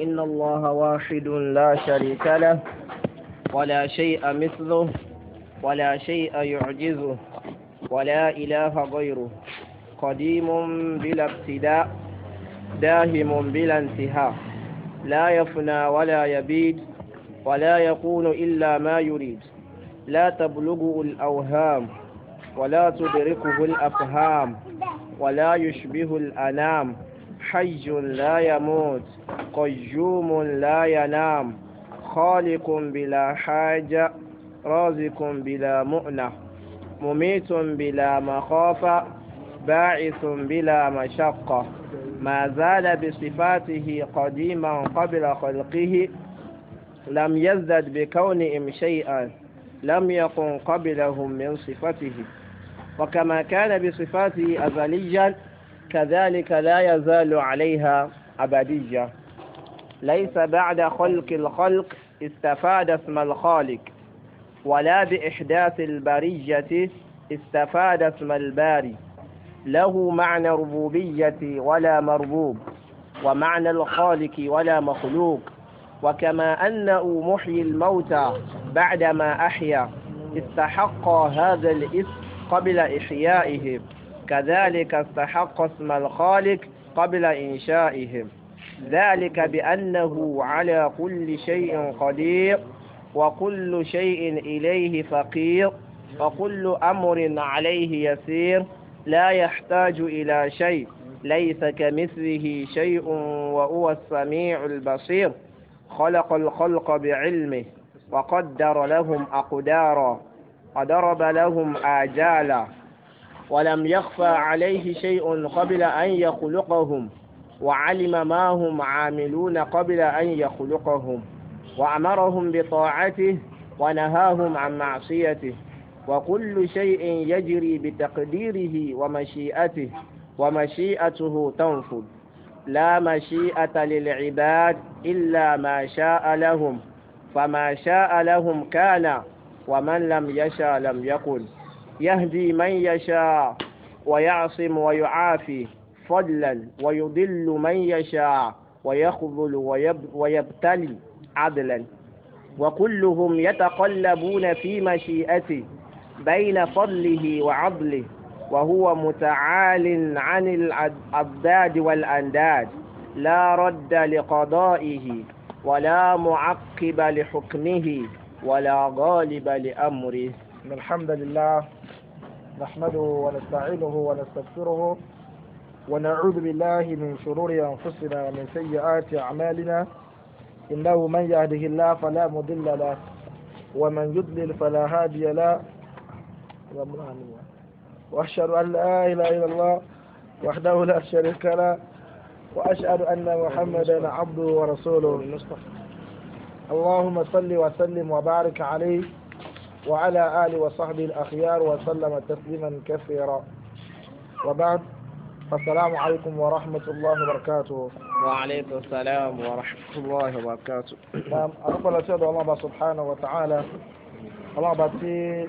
إن الله واحد لا شريك له ولا شيء مثله ولا شيء يعجزه ولا إله غيره قديم بلا ابتداء داهم بلا انتهاء لا يفنى ولا يبيد ولا يكون إلا ما يريد لا تبلغه الأوهام ولا تدركه الأفهام ولا يشبه الأنام حي لا يموت قيوم لا ينام خالق بلا حاجة رازق بلا مؤنة مميت بلا مخافة باعث بلا مشقة ما زال بصفاته قديما قبل خلقه لم يزدد بكونهم شيئا لم يكن قبلهم من صفته وكما كان بصفاته أزليا كذلك لا يزال عليها أبدية ليس بعد خلق الخلق استفاد اسم الخالق ولا بإحداث البرية استفاد اسم الباري له معنى ربوبية ولا مربوب ومعنى الخالق ولا مخلوق وكما أنه محيي الموتى بعدما أحيا استحق هذا الاسم قبل إحيائهم كذلك استحق اسم الخالق قبل إنشائهم ذلك بأنه على كل شيء قدير وكل شيء إليه فقير وكل أمر عليه يسير لا يحتاج إلى شيء ليس كمثله شيء وهو السميع البصير خلق الخلق بعلمه وقدر لهم أقدارا وضرب لهم آجالا ولم يخفى عليه شيء قبل أن يخلقهم وعلم ما هم عاملون قبل أن يخلقهم وأمرهم بطاعته ونهاهم عن معصيته وكل شيء يجري بتقديره ومشيئته ومشيئته تنفذ لا مشيئة للعباد إلا ما شاء لهم فما شاء لهم كان ومن لم يشاء لم يقل يهدي من يشاء ويعصم ويعافي فضلا ويضل من يشاء ويخذل ويب ويبتلي عدلا وكلهم يتقلبون في مشيئته بين فضله وعدله وهو متعال عن الأضداد والأنداد لا رد لقضائه ولا معقب لحكمه ولا غالب لأمره إن الحمد لله نحمده ونستعينه ونستغفره ونعوذ بالله من شرور أنفسنا ومن سيئات أعمالنا إنه من يهده الله فلا مضل له ومن يضلل فلا هادي له وأشهد أن لا إله إلا الله وحده لا شريك له وأشهد أن محمدا عبده ورسوله اللهم صل وسلم وبارك عليه وعلى آل وصحبه الأخيار وسلم تسليما كثيرا وبعد السلام عليكم ورحمة الله وبركاته وعليكم السلام ورحمة الله وبركاته نعم أقول أشهد الله سبحانه وتعالى الله باتي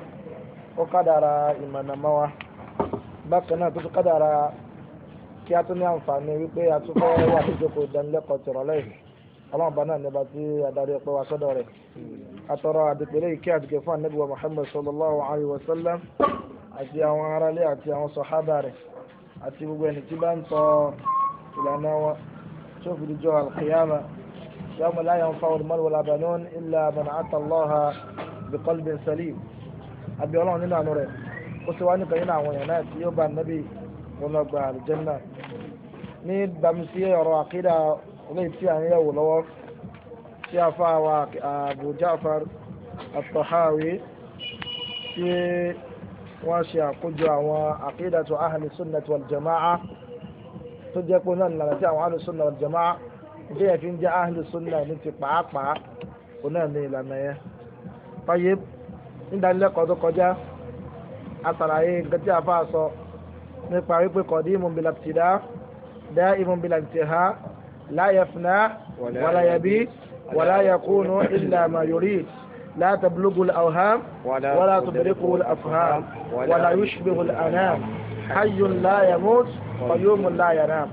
وقدر إيمان موه bákan náà tó tún kádàrà kí a tún ní àǹfààní wípé a ọlọ́run bá náà nípa tí adarí ọpẹ́ wa sọ́dọ̀ rẹ̀ atọ́rọ àdìpẹ́lẹ́ ìkẹ́ àdìgẹ́ fún anábìwá muhammed sallallahu alayhi wa sallam àti àwọn aráalé àti àwọn sọ̀hábà rẹ̀ àti gbogbo ẹni tí bá ń tọ ìlànà wọn tó fi dijọ́ alqiyama yawma la yanfa'u al-malu wala banun illa man ata allaha biqalbin salim àbí ọlọ́run nínú àánú rẹ̀ ó ti wá nípa nínú àwọn eléyìí tí a ń yẹ̀wò lọ́wọ́ tí a fa wa Abu Ja'far at-Tahawi tí wọ́n ṣe àkójọ àwọn aqidatu ahli sunnati wal jama'a tó jẹ́ pé náà nílànà tí àwọn ahli sunnati wal jama'a bí ẹ̀ fi ń jẹ́ ahli sunnati ní ti pàápàá òun náà ní ìlànà yẹn. fàyè nídánilẹ́kọ̀ọ́ tó kọjá àtàlàyé nǹkan tí a fa sọ nípa wípé qadimun bil ibtida' da'imun bil intiha' لا يفنى ولا يبيت ولا يكون إلا ما يريد لا تبلغ الأوهام ولا, ولا تدركه الأفهام ولا يشبه الأنام حي لا يموت قيوم لا ينام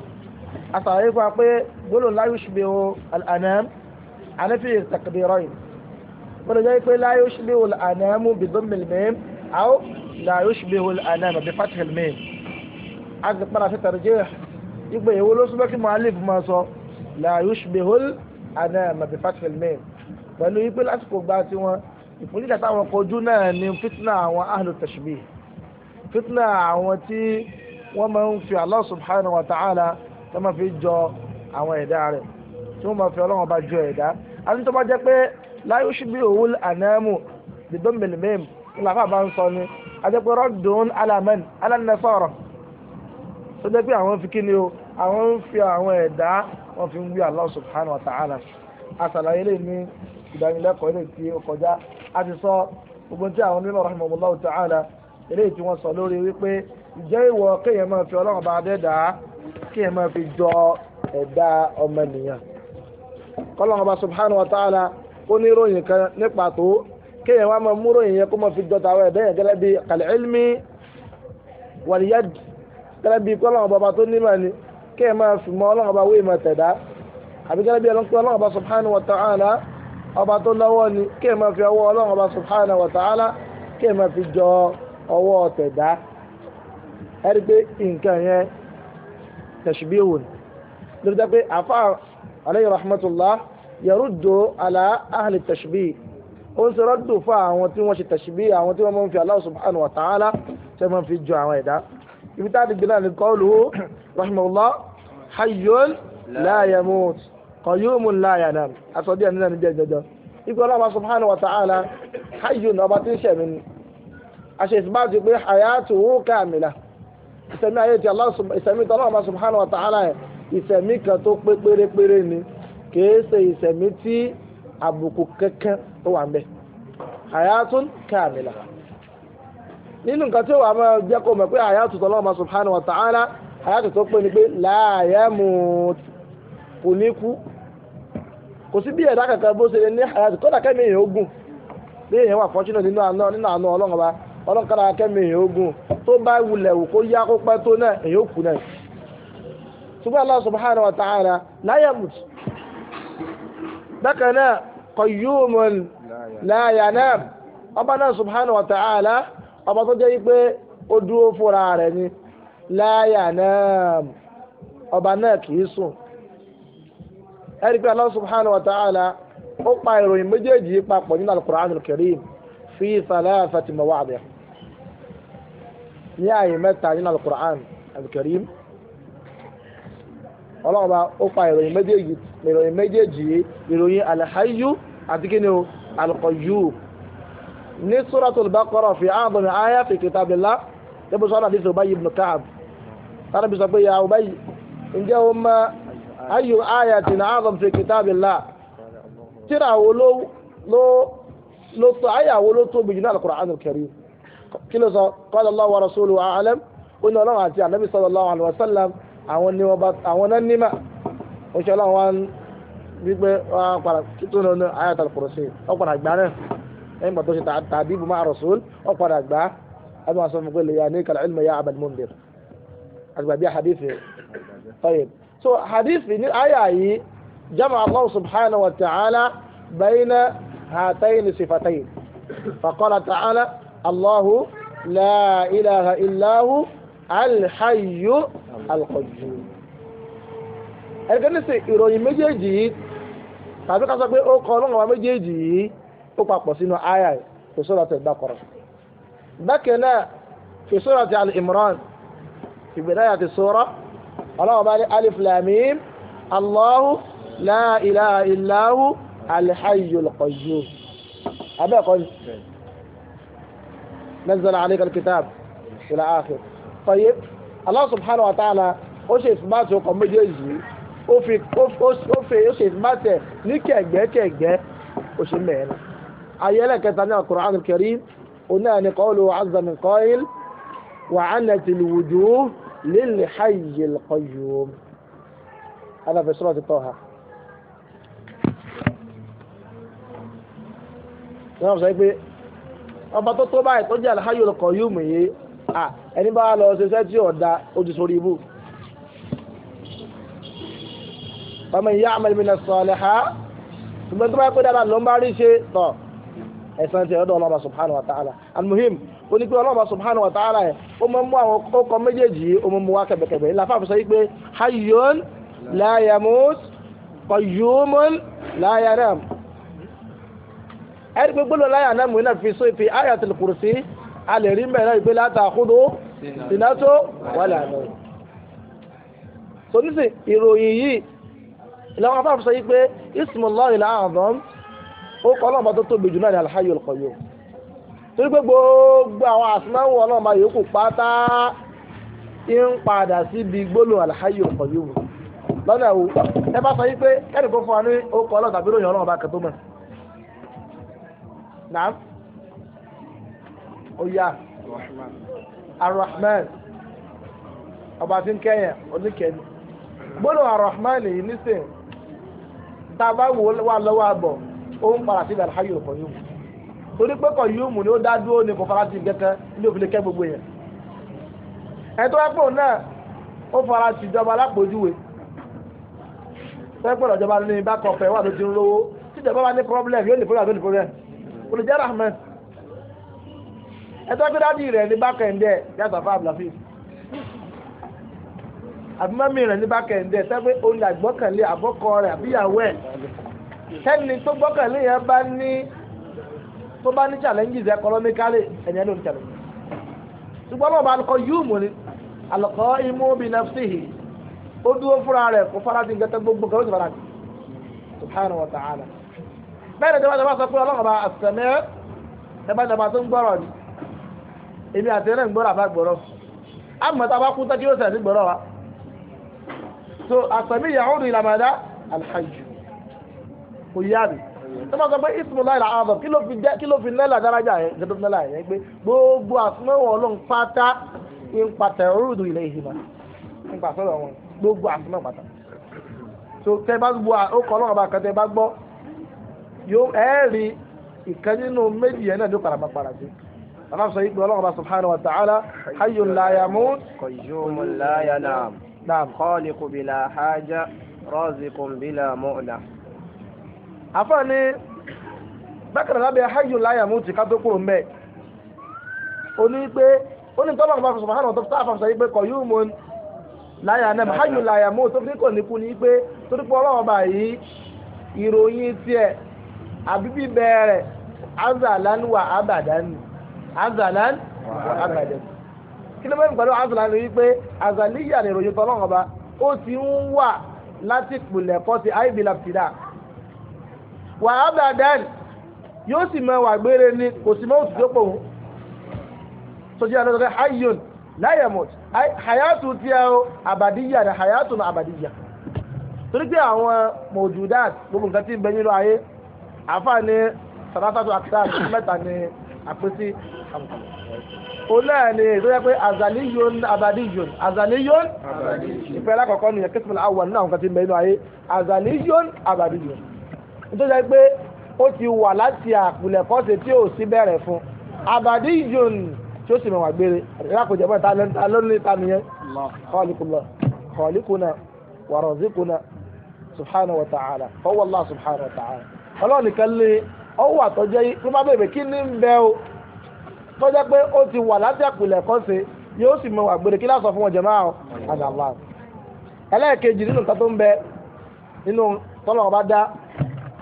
أصحيح أقول قولوا لا يشبه الأنام أنا في تقديرين قولوا لا يشبه الأنام بضم الميم أو لا يشبه الأنام بفتح الميم عايز أقول في ترجيح يبقى يقولوا سبك المؤلف ما صار la yushbihul anama bi fathil mim pẹ̀lú yí pé lásìkò gba tiwọn ìpèníjà táwọn kojú náà ni fitna àwọn ahlu tashbih fitna àwọn tí wọ́n máa ń fi Allah subhanahu wa ta'ala tó máa fi jọ àwọn ẹ̀dá rẹ̀ tí wọ́n máa fi ọlọ́wọ́n bá jọ ẹ̀dá àti tó bá jẹ́ pé la yushbihul anamu bi dhammil mim làbá bá ń sọ ni àjẹpẹ́ raddun ala man tó jẹ́ pé àwọn fi kí ni o àwọn ń fi àwọn ẹ̀dá wọ́n fi ń wí Allah subhanahu wa ta'ala àṣàlàyé lè ní ìdánilẹ́kọ̀ọ́ ilé tí ó kọjá a ti sọ gbogbo tí àwọn onímọ̀ rahimahullah ta'ala ilé tí wọ́n sọ lórí wípé ìjẹ́ ìwọ kéèyàn máa fi ọlọ́run bá dẹ́dàá kéèyàn máa fi jọ ẹ̀dá ọmọnìyàn kọ́lọ́run ọba subhanahu wa ta'ala ó ní ròyìn kan ní pàtó kéèyàn wá máa mú ròyìn yẹn kó máa fi jọ tàwọn ẹ̀dá yẹn gẹ́lẹ́ bíi kal-ilmi wal gẹ́lẹ́ bíi kọ́lọ́run ọba tó nímọ̀ ni kẹ́ ẹ máa fi mọ ọlọ́run ọba wéè máa tẹ̀dá àbí gẹ́gẹ́ bí ẹlọ́pẹ́ ọlọ́run ọba subhanahu wa ta'ala ọba tó lọ́wọ́ ni kẹ́ ẹ máa fi ọwọ́ ọlọ́run ọba subhanahu wa ta'ala kẹ́ ẹ máa fi jọ ọwọ́ tẹ̀dá ẹ rí pé nǹkan yẹn tashbihu ni lórí dápé àfa alayhi rahmatullah yaruddu ala ahli tashbih ó ń sọ̀rọ̀ dùn fún àwọn tí wọ́n ṣe tashbih àwọn tí wọ́n máa ń fi Allah subhanahu wa ta'ala tẹ́ máa fi jọ àwọn ẹ̀dá ibi tá a ti gbé náà ní kọ́ọ̀lù rahimahullah hayyul la yamut qayyumun la yanam aṣọ díẹ̀ nínú ẹni jẹjẹjọ ikú ọlọ́mọ subhanahu wa ta'ala hayyun ọba tí ń ṣẹ̀mí ni aṣọ ìsìnbá ti pé hayatuhu kamila ìsẹ̀mí ayé ti ìsẹ̀mí tí ọlọ́mọ subhanahu wa ta'ala yẹ ìsẹ̀mí kan tó pé pérépéré ni kìí ṣe ìsẹ̀mí tí àbùkù kankan wà ń bẹ hayatun kamila. nínú nǹkan tí ó wà máa jẹ́ kó mọ̀ pé àyàtò tọ́lọ́mọ subhanahu wa ta'ala àyàtò tó pé ni pé láàyẹ̀mù kò ní kú kò sí bí ẹ̀dá kankan bó ṣe lè ní àyàtò kódà kẹ́mi èèyàn ogun bí èèyàn wà fọ́ṣínà nínú àná nínú àná ọlọ́run bá ọlọ́run kára kẹ́mi èèyàn ogun tó bá wulẹ̀ wò kó yá kó pẹ́ tó náà èèyàn kù náà ṣùgbọ́n subhanahu wa ta'ala náà la yanam ọba náà subhanahu wa ta'ala ọba tó jẹ́ wípé ó dúró fúnra rẹ̀ ni láyà náà ọba náà kì í sùn ẹni pé Allah subhanahu wa ta'ala ó pa ìròyìn méjèèjì papọ̀ nínú al-Qur'an al-Karim fi thalathati mawadi' ní ààyè mẹ́ta nínú al al-Karim ọlọ́run ó pa ìròyìn méjèèjì ìròyìn méjèèjì ìròyìn al àti kíni o al ní suratul baqara fi a'zami aya fi kitabillah níbo sọ́dọ̀ àdìsí Ubay ibn Ka'b sára bí sọ pé ya Ubay ǹjẹ́ o mọ ayyu ayatin a'zam fi kitabillah tíra wo ló ló ló tó ayà wo ló tóbi jù ní al-Qur'an al-Karim kí ló sọ qala Allahu wa rasuluhu a'lam ó ní ọlọ́run àti ànábì sallallahu alaihi wasallam àwọn ní wọn bá àwọn náà nímà ó ṣe ọlọ́run wa ń wípé wọn á padà títún ní kursi ọ̀pọ̀ àgbà náà ẹ̀yìn bàtọ́ ṣe tàbí ibùmá àròsùn ó padà gbà á ẹ̀mí wọn sọ fún pé lè yà ní kàlẹ́ ẹ̀lmẹ̀ yà abad mundir àgbà bí hadithi tayyib so hadithi ní àyà yìí jama allah subhanahu wa ta'ala bayna hatayin sifatayin faqala ta'ala allahu la ilaha illahu alhayu alqayyum ẹ̀ka ní sè ìròyìn méjèèjì yìí tàbí ká sọ pé ó kọ́ ọlọ́run wa méjèèjì yìí ó papọ̀ sínú àyà fi surati al-Baqara bákan náà fi surati al-Imran ìgbéláyà ti sọ̀rọ̀ ọlọ́run bá ní alif lamim allahu la ilaha illa hu al-hayyul qayyum abẹ́ẹ̀kọ́ ni nazzala alayka al-kitab ila akhir tayyib allah subhanahu wa ta'ala ó ṣe ìfúnbáṣe ọkọ̀ méjèèjì ó fi ó ṣe ìfúnbáṣe ní kẹ̀gbẹ́kẹ̀gbẹ́ ó ṣe mẹ́rin ayẹlẹ kẹta ní al-Qur'an al-Karim onáà ní qawlu azza min qa'il wa 'anat al-wujuh lil-hayy al-qayyum. هذا في سورة طه wọ́n sọ pé ọba tó tó báyìí tó jẹ́ alhayu al-qayyum yìí ẹni bá lọ ṣiṣẹ́ tí ọ̀dà ojú sórí ibú ọmọ ìyá àmàlẹ́mìnà sọ̀lẹ̀ ha ṣùgbọ́n tó bá pẹ́ dáadáa ló ṣe tọ̀ ẹ̀sán ti ọ̀dọ̀ ọlọ́ba subhanahu wa ta'ala almuhim ó ní pé ọlọ́ba subhanahu wa ta'ala ẹ̀ ó mọ̀ mú àwọn ọkọ̀ méjèèjì ó mọ̀ mú wá kẹ̀bẹ̀kẹ̀bẹ̀ ìlà fáfi sọ yí pé hayyun la yamut qayyumun la yanam ẹ̀rí pé gbọ́dọ̀ la yanam iná fi sọ ìfi ayatul kursi a lè rí mẹ́rin ìgbé la ta'khudhu sinatu wala nawm so nísìn ìròyìn yìí ìlànà fáfi sọ yí pé ismullahi al-a'zam ó kọ́ ọlọ́mọ tó tóbi jù náà ní Al-Hayyul Qayyum torí pé gbogbo àwọn àsìmáwò ọlọ́mọ yòókù pátá ń padà síbi gbólóhùn Al-Hayyul Qayyum lọ́nà wo ẹ bá sọ yí pé kẹ́ni kó fún wa ní ó kọ́ ọlọ́mọ tàbí ròyìn ọlọ́mọ bá kẹ́ tó mọ̀ nàám ó yá rahman ọba tí ń kẹ́yìn oníkẹ́ni gbólóhùn Ar-Rahman yìí nísìnyí tá a bá wò wá lọ́wọ́ àbọ̀ ó ń padà síbi alhayi ọkọ̀ yóò mú torí pé kọ̀ yóò mú ni ó dá dúró ní kò farasí kẹkẹ ilé òfin kẹ gbogbo yẹn ẹ̀tọ́ ẹ̀pọ̀ náà ó farasí ìjọba alápòjúwe pẹ́pẹ́ ìjọba ní bákan ọ̀fẹ́ wà ló ti ń lówó tí ìjọba bá ní problem yóò ní problem yóò ní problem olùjẹ́ rahman ẹ̀tọ́ pé dádì rẹ̀ ní bákan ẹ̀ndẹ́ yàtọ̀ fún abdulhafiz àbí mọ́mí rẹ̀ ní bákan ẹ̀ndẹ́ sẹ́pẹ́ olùgbọ́kànlé àbọ́kọ rẹ̀ àbíyàwó ẹ̀ sẹ́ni tó gbọ́kànlé yẹn bá ní tó bá ní challenges economically ẹ̀yẹ́ ló ń tẹ̀lé ṣùgbọ́n náà bá yóò mú ni àlọ́kọ́ imú bíi nafsihi ó dúró fúnra rẹ̀ kó farati gẹ́tẹ́ gbogbo kan ó sì farati subhanahu wa ta'ala bẹ́ẹ̀ ni dábàá dábàá sọ pé ọlọ́run bá àtẹ̀mẹ́ dábàá dábàá tó ń gbọ́rọ̀ ni èmi àti ẹ̀rẹ́ ń gbọ́rọ̀ àbá gbọ́rọ̀ àmọ́tá bá kú tẹ́kí ó sẹ̀ sí gbọ́rọ̀ wa so àtẹ̀mí yahoo ni kò yá mi tó máa sọ pé ismu láìla ààbọ̀ kí ló fi jẹ́ kí ló fi lẹ́là dáradà yẹn kí ló fi lẹ́là yẹn pé gbogbo àsùnmọ́wọ̀ ọlọ́run pátá ń pàtẹ rúdù ilẹ̀ ìhìmá ń pàtẹ ọ̀rọ̀ wọn gbogbo àsùnmọ́ pátá so tẹ bá gbọ́ ó kọ́ ọlọ́run bá kan tẹ bá gbọ́ yóò ẹ̀ẹ́rì ìkan nínú méjì yẹn náà ló padà máa padà sí aláwọ̀ sọ ìgbẹ́ ọlọ́run bá subhanahu wa ta'ala hayyun la yamut qayyumun la bila haja raziqun bila mu'na àfáà ní bákan lábẹ́ hayo láyà mú ti ká tó kúrò mbẹ́ ó ní pé ó ní tọ́lá ọ̀gbà fọ̀sọ̀ hàn ọ̀tọ̀ àfàṣọ yìí pé kọ̀ yóò mọ láyà náà hayo láyà mú tó fi kò ní kú ní pé torí pé ọlọ́wọ́ bá ìròyìn tiẹ̀ àbíbí bẹ̀rẹ̀ azalan wa abadan azalan wa abadan kí ló mẹ́rin pẹ̀lú azalan ni wípé azaliya ni ìròyìn tọ́lá ọ̀gbà ó ti ń wà láti pìlẹ̀ kọ́ ti àìbí làbìtìdá wà á bá dán yóò sì mọ wà gbére ni kò sì mọ òtútù pò wọn sọjí àdọ́sọ̀rẹ́ hayyun láyẹ̀mọ̀t hayatu tí a ó àbàdíyà ni hayatu ní àbàdíyà torí pé àwọn mọ̀júdáàt gbogbo nǹkan tí ń bẹ nínú ayé àfààní sàrátàtù àkàtà mẹ́ta ni àpótí àbùkù olóyè ni tó yẹ pé azaliyon abadiyon azaliyon ìpẹ́ẹ́lá kọ̀ọ̀kan nìyẹn kí sọ́kùnrin àwọn nínú àwọn kan ti ń ayé azaliyon abadiyon. nítorí pé ó ti wà láti àpilẹ̀kọ́sẹ̀ tí ò sí bẹ̀rẹ̀ fún abàdí ìjòyè tí ó sì mọ̀ wà gbére ìrákòjẹ́ bọ́ta lẹ́ńtà lónìí ta nìyẹn kọ́ọ̀lìkùnà kọ́ọ̀lìkùnà wàrọ̀zíkùnà subhanahu wa ta'ala fọwọ́ allah subhanahu wa ta'ala ọlọ́run nìkan lé ọwọ́ àtọ́jọ́ yìí ló má bèbè kí ní bẹ o pé ó ti wà láti àpilẹ̀kọ́sẹ̀ yóò sì mọ̀ gbére kí fún wọn ẹlẹ́ẹ̀kejì nínú tó ń bẹ nínú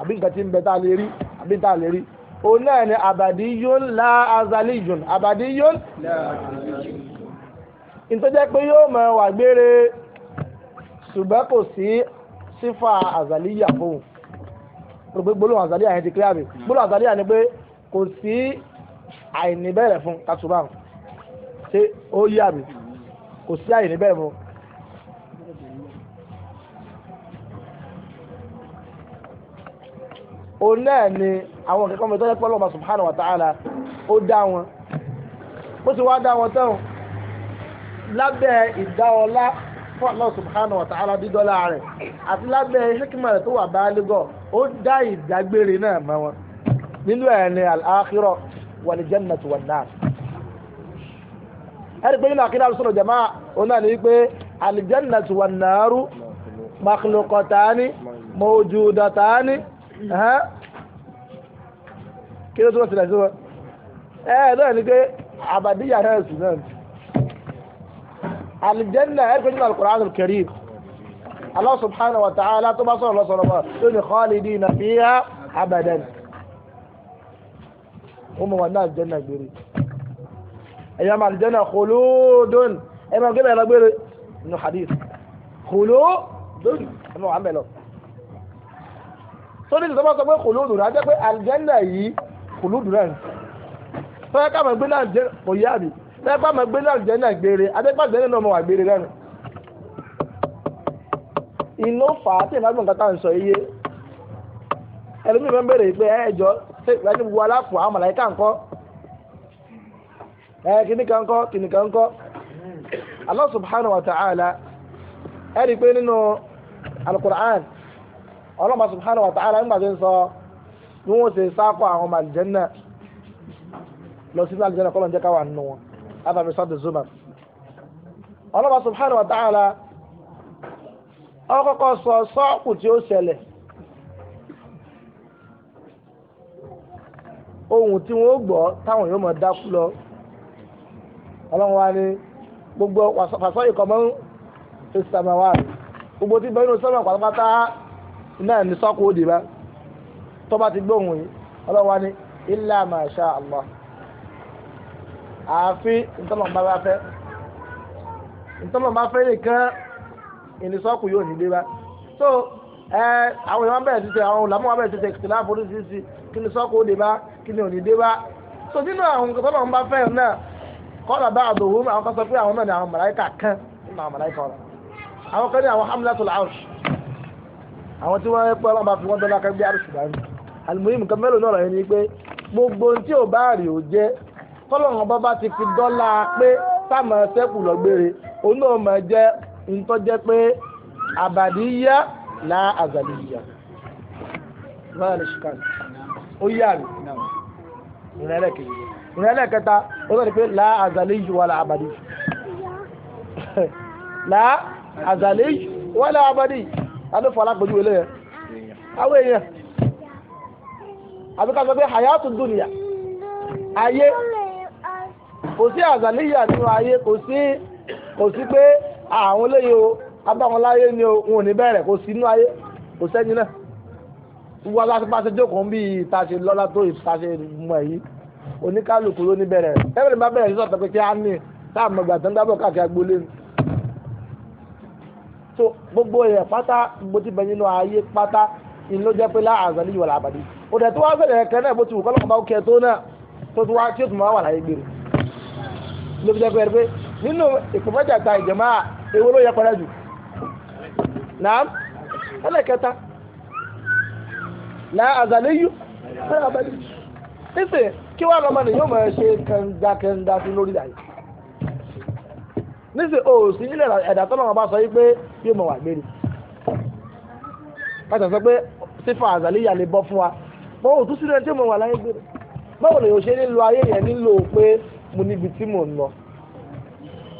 àbí nǹkan tí ń bẹ tá a lè rí àbí tá a lè rí òun náà ni àbàdí yóò la azali yun àbàdí yóò azali yun ìtọ́jẹ́ pé yóò mọ̀ wà gbére ṣùgbọ́n kò sí sífà àzàlíyà fóun gbogbo gbólóhùn àzàlíyà yẹn ti kílẹ̀ àbí gbólóhùn àzàlíyà ni pé kò sí àìní fún kàtúbà ṣé ó yí àbí kò sí àìní fún òun náà ni àwọn kẹ̀kọ́ mi tó yẹ pọ́lọ́mà subhanahu wa ta'ala ó dá wọn bó ti wá dá wọn tán lábẹ́ ìdá ọlá fún Allah subhanahu wa ta'ala dídọ́lá rẹ̀ àti lábẹ́ hikima rẹ̀ tó wà báálígọ̀ ó dá ìdágbére náà mọ́ wọn nínú ẹ̀ ni al-akhirah wal jannatu wan nar pé nínú àkídá sọ̀rọ̀ jama òun náà ni wípé al-jannatu wan naru makhluqatani mawjudatani kí ló túbọ̀ sílẹ̀ sí wọn ẹ náà ni pé àbàdíyà náà sì náà alìjẹ́nà ẹ̀ẹ́dẹ́gbẹ́ nínú Al-Qur'an Al-Karim Allah subhanahu wa ta'ala tó bá sọ̀rọ̀ lọ́sọ̀rọ̀ bá tó ní khalidina fiha abadan wọ́n mọ̀ wà ní alìjẹ́nà gbére ẹ̀yà máa alìjẹ́nà khuludun ẹ̀ máa gbé bẹ́ẹ̀ gbére nínú torí ìjọba sọ pé kòlóòdù rà jẹ́ pé àlìjẹ́nà yìí kòlóòdù rẹ̀ ni tọ́yẹ ká máa gbé náà jẹ́ kò yá mi tọ́yẹ ká máa gbé náà jẹ́ náà gbére adépa jẹ́ náà mọ̀ wà gbére rẹ̀ ni iná fà á tí ìfàgbọ́n nǹkan tá à ń sọ iye ẹlòmíì máa ń béèrè pé ẹ jọ ṣé ìgbàjú gbogbo aláfọ̀ àwọn màláìka ńkọ́ ẹ kìnnìkan ńkọ́ kìnnìkan ńkọ́ Allah subhanahu wa ta'ala ẹ rí i pé nínú alukur'an ọlọ́mọ subhanahu wa ta'ala nígbà tó ń sọ bí wọ́n ṣe sáàkọ̀ àwọn ọmọ àlìjẹ́nà lọ sí àlìjẹ́nà kọ́lọ̀ ń jẹ́ káwà nínú wọn afẹ́mi sọ́dọ̀ zuma ọlọ́mọ subhanahu wa ta'ala ọkọ̀kọ̀ sọ sọ́ọ̀kù tí ó ṣẹlẹ̀ ohun tí wọ́n gbọ́ táwọn yóò mọ̀ dákú lọ ọlọ́run wa ni gbogbo fàṣọ ìkọ̀mọ́ ìsàmàwá gbogbo tí bẹ́ẹ̀ nínú sọ́mọ̀ pátápátá náà ní sọ́kù òdì bá tó bá ti gbóhùn yìí ọlọ́run wa ní illa ma sha Allah àfi ntọ́lọ̀ bá bá fẹ́ ntọ́lọ̀ bá fẹ́ yóò ní dé bá so ẹ àwọn ìwọ̀n bẹ̀rẹ̀ títẹ̀ àwọn olùdámọ̀ wọn bẹ̀rẹ̀ títẹ̀ kìtìlá foríṣiríṣi kí ni sọ́kù òdì bá kí ni òní dé bá so nínú àwọn nǹkan tọ́lọ̀ bá fẹ́ náà kọ́lá bá àdòwò àwọn kan sọ pé àwọn náà ni àwọn màláìkà kan nínú àwọn màláìkà ọ̀rọ̀ àwọn kan ní àwọn hamlatul arsh àwọn tí wọ́n pẹ́ ọlọ́run bá fi wọ́n dọ́là kẹgbẹ́ àrùsùn dání àlùmọ́yìn nǹkan mélòó náà rẹ̀ ni pé gbogbo tí ò bá rí ò jẹ́ tọ́lọ́run bá bá ti fi dọ́là pé táàmù sẹ́kù lọ́gbére òun náà mọ̀ jẹ́ ntọ́jẹ́ pé àbàdíyá là àzàlìyà lọ́yà lè ṣùkà ó yà mí ìrìn ẹlẹ́kẹta ó sọ̀rọ̀ pé là àzàlìyà wà là àbàdí là wà là adófò alápèjúwe lé yẹn àwọn èèyàn àbíká sọ pé hayatu dunya ayé kò sí àzàlíyà nínú ayé kò sí kò sí pé àwọn eléyìí o abáwọn láyé ni o wọn ò ní bẹ̀rẹ̀ kò sí inú ayé kò sẹ́yìn náà wọ́n aláṣẹ bá ṣe jókòó ń bí ìta ṣe lọ́lá tó ìta ṣe mọ̀ yìí oníkálukú ló ní bẹ̀rẹ̀ ẹ̀rọ ni bá bẹ̀rẹ̀ sísọ̀tọ̀ pé kí á ní táà mọ̀gbà tó ń dábọ̀ káàkiri agboolé ni so gbogbo yẹn pátá bó ti bẹ nínú ayé pátá ìlú jẹ́ pé láàzàlí ìwà làbàdì òdẹ tó wá bẹ̀rẹ̀ kẹ́ náà bó ti wù kọ́lọ́kọ́ bá kẹ́ tó náà tó tó wá tí ó tún máa wà láyé gbèrè ló fi jẹ́ pé pé nínú ìpèmọ́jàta ìjọba èwo ló yẹ pẹrẹ jù náà ẹlẹ́kẹta láàzàlẹ́yù fẹ́ràn abẹ́lẹ́ nísìnyí kí wàá lọ́mọ nìyí ó mọ̀ ṣe kẹndakẹnda sí lórí àyè níṣẹ́ o sí nílẹ̀ ẹ̀dá tọ́lọ́mọ bá sọ yí pé yóò mọ̀ wà gbére pàtàkì sọ pé sífà àzàlíyà lè bọ́ fún wa mọ òtún sílẹ̀ tí mo wà láyé gbére báwo lè yóò ṣe nílò ayé yẹn nílò pé mo níbi tí mò ń lọ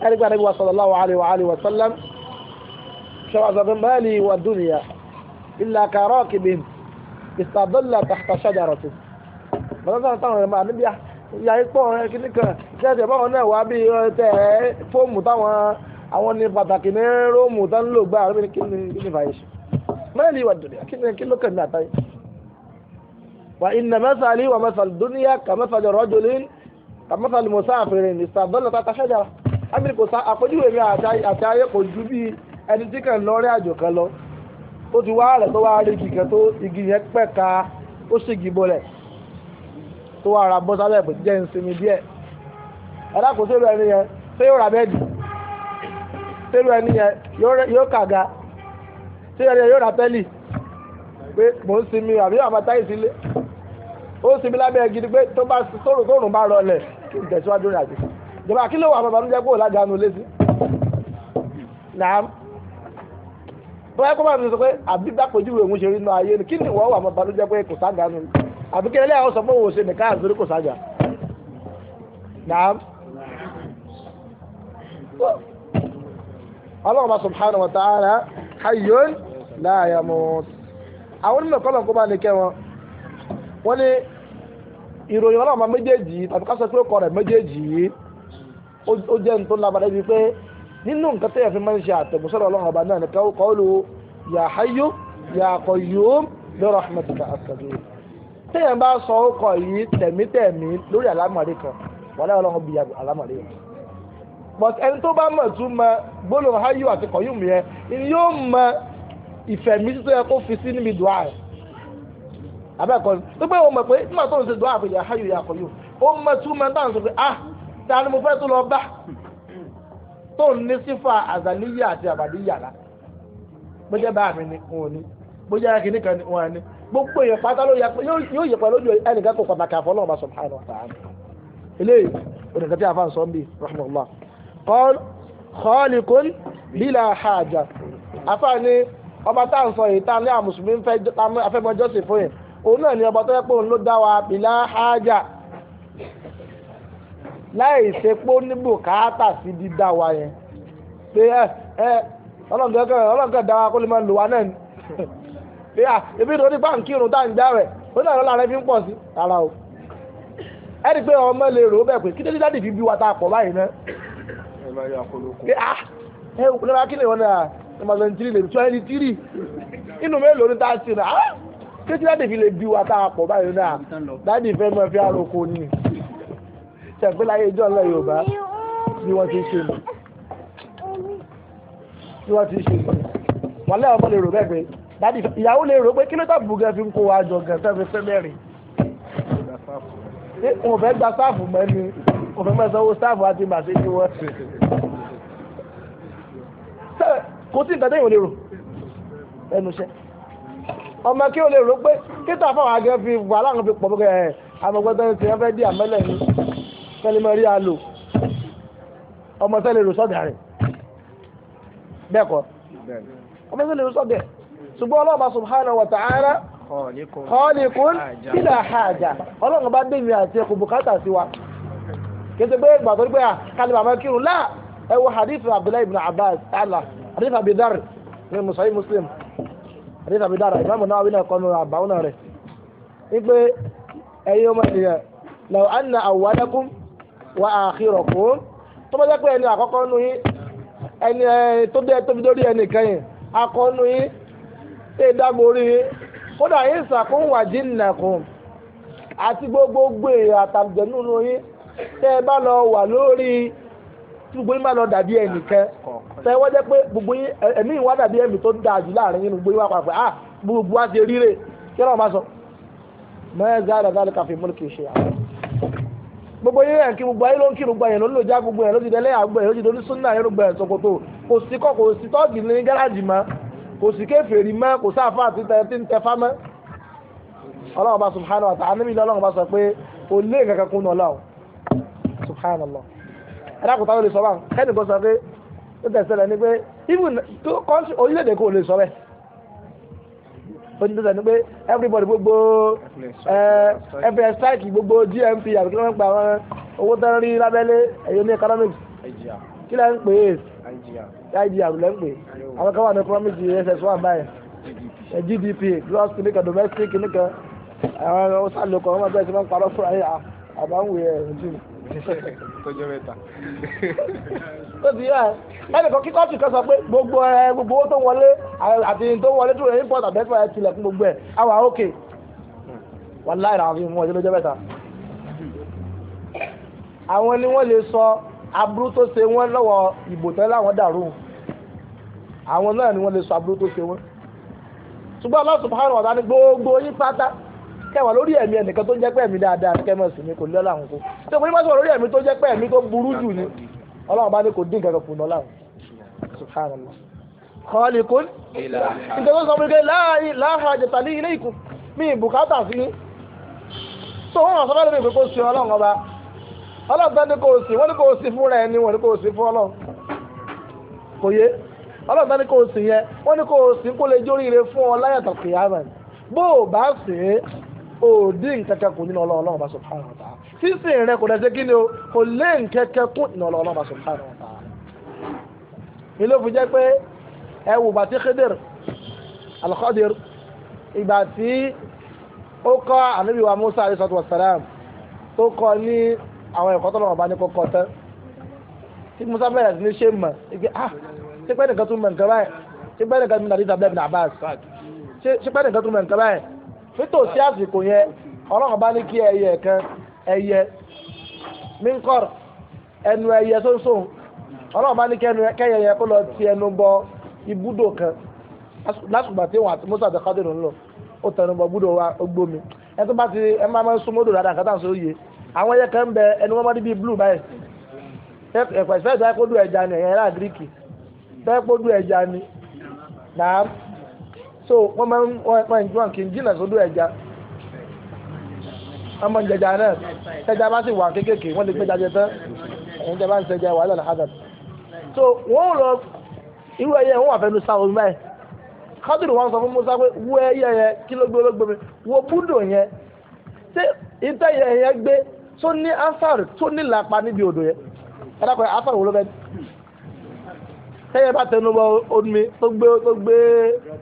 ẹni gbàdé wa sallallahu alaihi wa alihi wa sallam ṣọwọ́ àzọ̀gbọ́n mali wa dunya illa ka rakibin istadalla tahta shajaratin bàtà táwọn ẹ̀rọ ìyá ipò ọ̀rẹ́ kìíní kan ṣẹ̀ṣẹ̀ báwọn náà wá bí ọtẹ fóòmù táwọn àwọn ní pàtàkì ní róòmù tó ń lò gbà àrùn kí ni kí ni fàyè ṣe mẹ́rin ìwà dùnìyà kí ni kí ló kàn ní àtàyè. wà ìnà mẹ́sàlì wà mẹ́sàlì dúníyà kà mẹ́sàlì rọ́jòlì kà mẹ́sàlì mùsáfìrìn ní sàbẹ́lẹ̀ tata ṣẹ́jára ámìrì kò sa àpèjúwe mi àti ayé kò ju bí ẹni tí kàn lọ rí àjò kan lọ ó ti wá rẹ̀ tó wá rí igi kan tó igi yẹn pẹ̀ka ó sì gìbọlẹ̀ tó wà ra bọ́ sábẹ́ ìpòtí jẹ́ ń díẹ̀ ẹ̀dá kò sérò ẹni yẹn ṣé yóò ra bẹ́ẹ̀dì sérò ẹni yẹn yóò kàga sérò ẹni yẹn yóò ra pẹ́lì pé mò ń sinmi àbí àmọ́ táyì sílé ó sinmi lábẹ́ gidi pé tó bá tóòrùn tóòrùn bá rọlẹ̀ kí n tẹ̀síwájú rìn àjò ìjọba kí ló wà bàbá mi jẹ́ kó nu kó bá mi sọ pé àbí àbí kí ẹlẹ́yàwó sọ pé òun ò ṣe nìkan àgbèrè kò sájà naam ọlọ́run bá subhanahu wa ta'ala hayyun la yamut àwọn onímọ̀ kọ́lọ̀ kó bá ní kẹ́ wọn wọ́n ní ìròyìn ọlọ́run bá méjèèjì tàbí ká sọ pé ó kọ rẹ̀ méjèèjì yìí ó jẹ́ nítorí labalẹ̀ bíi pé nínú nǹkan tẹ́yà fi máa ń ṣe àtẹ̀gùsọ́rọ̀ ọlọ́run ọba náà ní qawlu ya hayyu ya qayyum bi rahmatika àtàdé téèyàn bá sọ ọkọ̀ yìí tẹ̀mítẹ̀mí lórí àlámọ̀rí kan wọ́n lé ọlọ́run bí àlámọ̀rí yẹn but ẹni tó bá mọ̀ tún mọ gbólóhùn hayo àti kọ̀yùm yẹn ni yóò mọ ìfẹ̀mí tó yẹ kó fi sí níbi dùá rẹ̀ abẹ́ẹ̀kọ́ ni tó pé o mọ̀ pé nígbà tó ń ṣe dùá àpèjà hayo yà kọ̀yùm ó mọ tún mọ táwọn sọ pé ah ta ni mo fẹ́ tó lọ bá tó ń ní sífà àzàlíyà àti àbàdíyà lá bójá bá mi ni òun ni bójá kìnnìkan ni òun ni gbogbo èèyàn pátá ló yóò yẹ pẹ̀lú ẹnìkan kò pàtàkì àfọ́ náà bá subhanahu wa ta'ala eléyìí onìkan tí a fà ń sọ ń bì rahmanullah qal khaliqun bila haja afa ni ọba tá à ń sọ yìí tá ní àwọn mùsùlùmí fẹ́ afẹ́mọ́ jọ́sìn fún yẹn òun náà ni ọba tó yẹ pé òun ló dá wa bila haja láì ṣe pé ó ní bùkátà sí dídá wa yẹn pé ẹ ẹ ọlọ́nkẹ́ ọlọ́nkẹ́ dá wa kó lè máa lò wá náà pé à ebi ìdòdì báńkì irun tá à ń já rẹ̀ ó ní àlọ́lá rẹ fi ń pọ̀ sí ara o ẹ rí i pé ọmọ lè rò ó bẹ̀ pé kí dédé dáàdì fi bí wa tá a pọ̀ báyìí náà pé à ah, ẹ wò lọ́la kí lè wọ́n náà ah, ẹ máa lọ ní tírì lè tún ẹni tírì inú mélòó ni tá a ṣe náà ah, kí dédé dáàdì fi lè bí wa tá a pọ̀ báyìí náà dáàdì fẹ́ mọ fi àròkọ ni ṣẹ̀fẹ́ láyé ìjọ ńlá Yorùbá bí wọ́n ti ṣe nù wọ́n ti ọmọ lè rò bẹ́ẹ̀ pé dadi ìyàwó lè rò pé kí ló tàbí bùgẹ́ fi ń kó wa jọ gẹ̀ sẹ́fẹ́ fẹ́ mẹ́rin ṣé òun fẹ́ gba sáàfù mọ́ ni òun fẹ́ mọ́ sanwó sáàfù àti màṣẹ ní wọn. kò sí nǹkan téèyàn lè rò ẹnu iṣẹ́ ọmọ kí o lè rò pé kíta fáwọn agẹ́ fi wà láwọn fi pọ̀ bọ́kẹ́ ẹ̀ amọ̀gbọ́tẹ́ ti fẹ́ di àmẹ́lẹ̀ ní fẹ́lẹ́mẹ́rí àlò ọmọ tẹ́lẹ̀ rò sọ́gà rẹ̀ bẹ́ẹ̀ kọ́ ọmọ tẹ́lẹ̀ rò sọ́gà rẹ̀ ṣùgbọ́n ọlọ́ọ̀bá subhanahu wa ta'ala kọ́ọ̀lìkún ìlà àjà ọlọ́run bá dé mi àti ẹkùn bùkátà sí wa kété pé ìgbà tó ń pè à kálíbà máa kírun láà ẹ wo hadith abdullahi ibn abbas ala hadith abidar ní musayi muslim hadith abidar ìmáàmù náà wíná kọ́nu àbáwọn náà rẹ̀ wípé ẹ̀yin ọmọ ènìyàn law anna awwalakum wa akhirakum tó bá jẹ́ pé ẹni àkọ́kọ́ nu yín ẹni tó dé tóbi ẹnì kẹ́yìn akọ́nu yín tẹ́ dágbórí kódà yín sàkóńwà jínnàkùn àti gbogbogbò èrò àtàlùjẹ̀nù lóyún tẹ́ ẹ bá lọ wà lórí gbogbo yín bá lọ dàbí ẹ pé gbogbo yín ẹ̀mí ìwà dàbí ẹ̀mí tó dáa jù láàrin yín gbogbo yín wà pàpẹ́ ah, gbogbo wa ríre kí gbogbo yín rẹ̀ kí gbogbo ayé ló ń gbogbo yẹn ló ń lò já gbogbo yẹn ló ti dẹ́lẹ́yà gbogbo yẹn ló ti yẹn gbogbo kò sì kéfèrí mọ́ kò sáfà àti tẹ̀tí ń tẹfá mọ́ ọlọ́run bá subhanahu wa ta'ala níbi ọlọ́run bá sọ pé o lé kankan kún náà láwọn subhanallah ẹ̀dá kò táwọn lè sọ bá kẹ́ni kò sọ pé ó tẹ̀sẹ̀lẹ̀ ni pé even orílẹ̀-èdè kò lè sọ bẹ́ẹ̀ ó everybody gbogbo every GMP àbíkí wọ́n ń pa àwọn owó tẹ́rán rí lábẹ́lé ẹ̀yọ́ ní economics kí igr lẹ́gbẹ̀ẹ́ àwọn kan wà ní promise ss1 báyìí gdp gross kìnìkan domestic kìnìkan àwọn ọ̀sán lóko wọn bẹ́ẹ̀ sí máa ń parọ́ fún ayé àbáwọ̀ ẹ̀ ojú tọjọ mẹ́ta. ó ti yá ẹnìkan kíkọ́ ti kọ́ sọ pé gbogbo ẹ gbogbo owó tó wọlé àti tó wọlé tó rẹ̀ ní port abẹ́tí ẹ tilẹ̀ fún gbogbo ẹ̀ àwa òkè wàláì ràhùn fún wọn lọ́jọ́ mẹ́ta. àwọn ni wọ́n lè sọ aburú tó ṣe wọ́n lọ́wọ́ ìbò tán láwọn dàrú àwọn náà ni wọ́n lè sọ aburú tó ṣe wọ́n ṣùgbọ́n Allah subhanahu wa ta'ala ní gbogbo yín pátá kẹwà lórí ẹ̀mí ẹnìkan tó jẹ́ pé ẹ̀mí dáadáa kẹmọ̀ sí ni kò lọ́la àwọn kó tí mo ní máa sọ̀rọ̀ lórí ẹ̀mí tó jẹ́ pé ẹ̀mí tó burú jù ni ọlọ́run bá ní kò dín kankan kùnà láwọn subhanallah kọ́ọ̀lìkún nítorí sọ pé láàrin àjẹta ní ilé ìkún mi ìbùkátà sí ni tó wọ́n sọ fẹ́ lómi ìpínpín sí ọlọ́run ọba ọlọ́ọ̀tọ́ ní kò sí wọ́n ní kò sí fún rẹ̀ ni wọ́n ní kò sí fún ọlọ́ọ̀ kò yé ọlọ́ọ̀tọ́ ní kò sí yẹn wọ́n ní kò sí kó lè jóríire fún ọ láyàtọ̀ kìyàmẹ̀ bó o bá sè é o dín nǹkankan kù nínú ọlọ́ọ̀ ọlọ́ọ̀ bá subhanahu wa sísìn rẹ kò dẹ̀ kí ni o kò lé nǹkankan kù nínú ọlọ́ọ̀ ọlọ́ọ̀ bá subhanahu wa ilé òfin jẹ́ pé ẹ bàtí Khidir al-Khadir ìgbà tí ó kọ́ ànábì wa Musa alayhi salatu wa salam tó kọ́ ní àwọn ẹ̀kọ́ tó lọ́wọ́ bá ní kọ́kọ́ tán tí musa bẹ̀rẹ̀ sí ní ṣe mọ̀ ẹgbẹ́ ah ṣé pẹ́ nìkan tún mọ̀ nǹkan báyìí ṣé pẹ́ nìkan tún mọ̀ àdìsá bẹ́ẹ̀ ní Abbas ṣé pẹ́ nìkan tún mọ̀ nǹkan báyìí nítòsí àsìkò yẹn ọlọ́run bá ní kí ẹyẹ kan ẹyẹ minkor ẹnu ẹyẹ sọ́nsọ́n ọlọ́run bá ní kí ẹyẹ yẹn kó lọ ti ẹnu bọ ibùdó kan lásùgbà tí wọn àti musa àti kádìrún lọ ó tẹnu bọ ibùdó wa ó gbómi ẹ tó bá ti àwọn ẹyẹ kan ẹni blue báyìí ẹ̀pẹ̀ sẹ́yìn tó kó du ẹja ni ẹ̀yẹ rà gíríkì kó du ẹja ni náà so wọ́n máa ń wọ́n máa ń jọ́n kì í jìnnà sódò ẹja wọ́n máa ń jẹja náà ẹja bá sì wà kéékèèké wọ́n lè gbé jajẹ tán ẹ̀yìn ń sẹjẹ so wọ́n lọ irú ẹyẹ wọn wà fẹ́ nu sa omi báyìí kádùrù wọn sọ fún Musa pé wọ ẹyẹ yẹn kí ló gbé búndò yẹn ṣé yẹn gbé tó ní ansar tó ní làpá níbi odò yẹn ẹ̀dàkọ̀ ansar wò ló bẹ́ẹ̀ tẹ́yẹ bá tẹnu bọ omi tó gbé tó gbé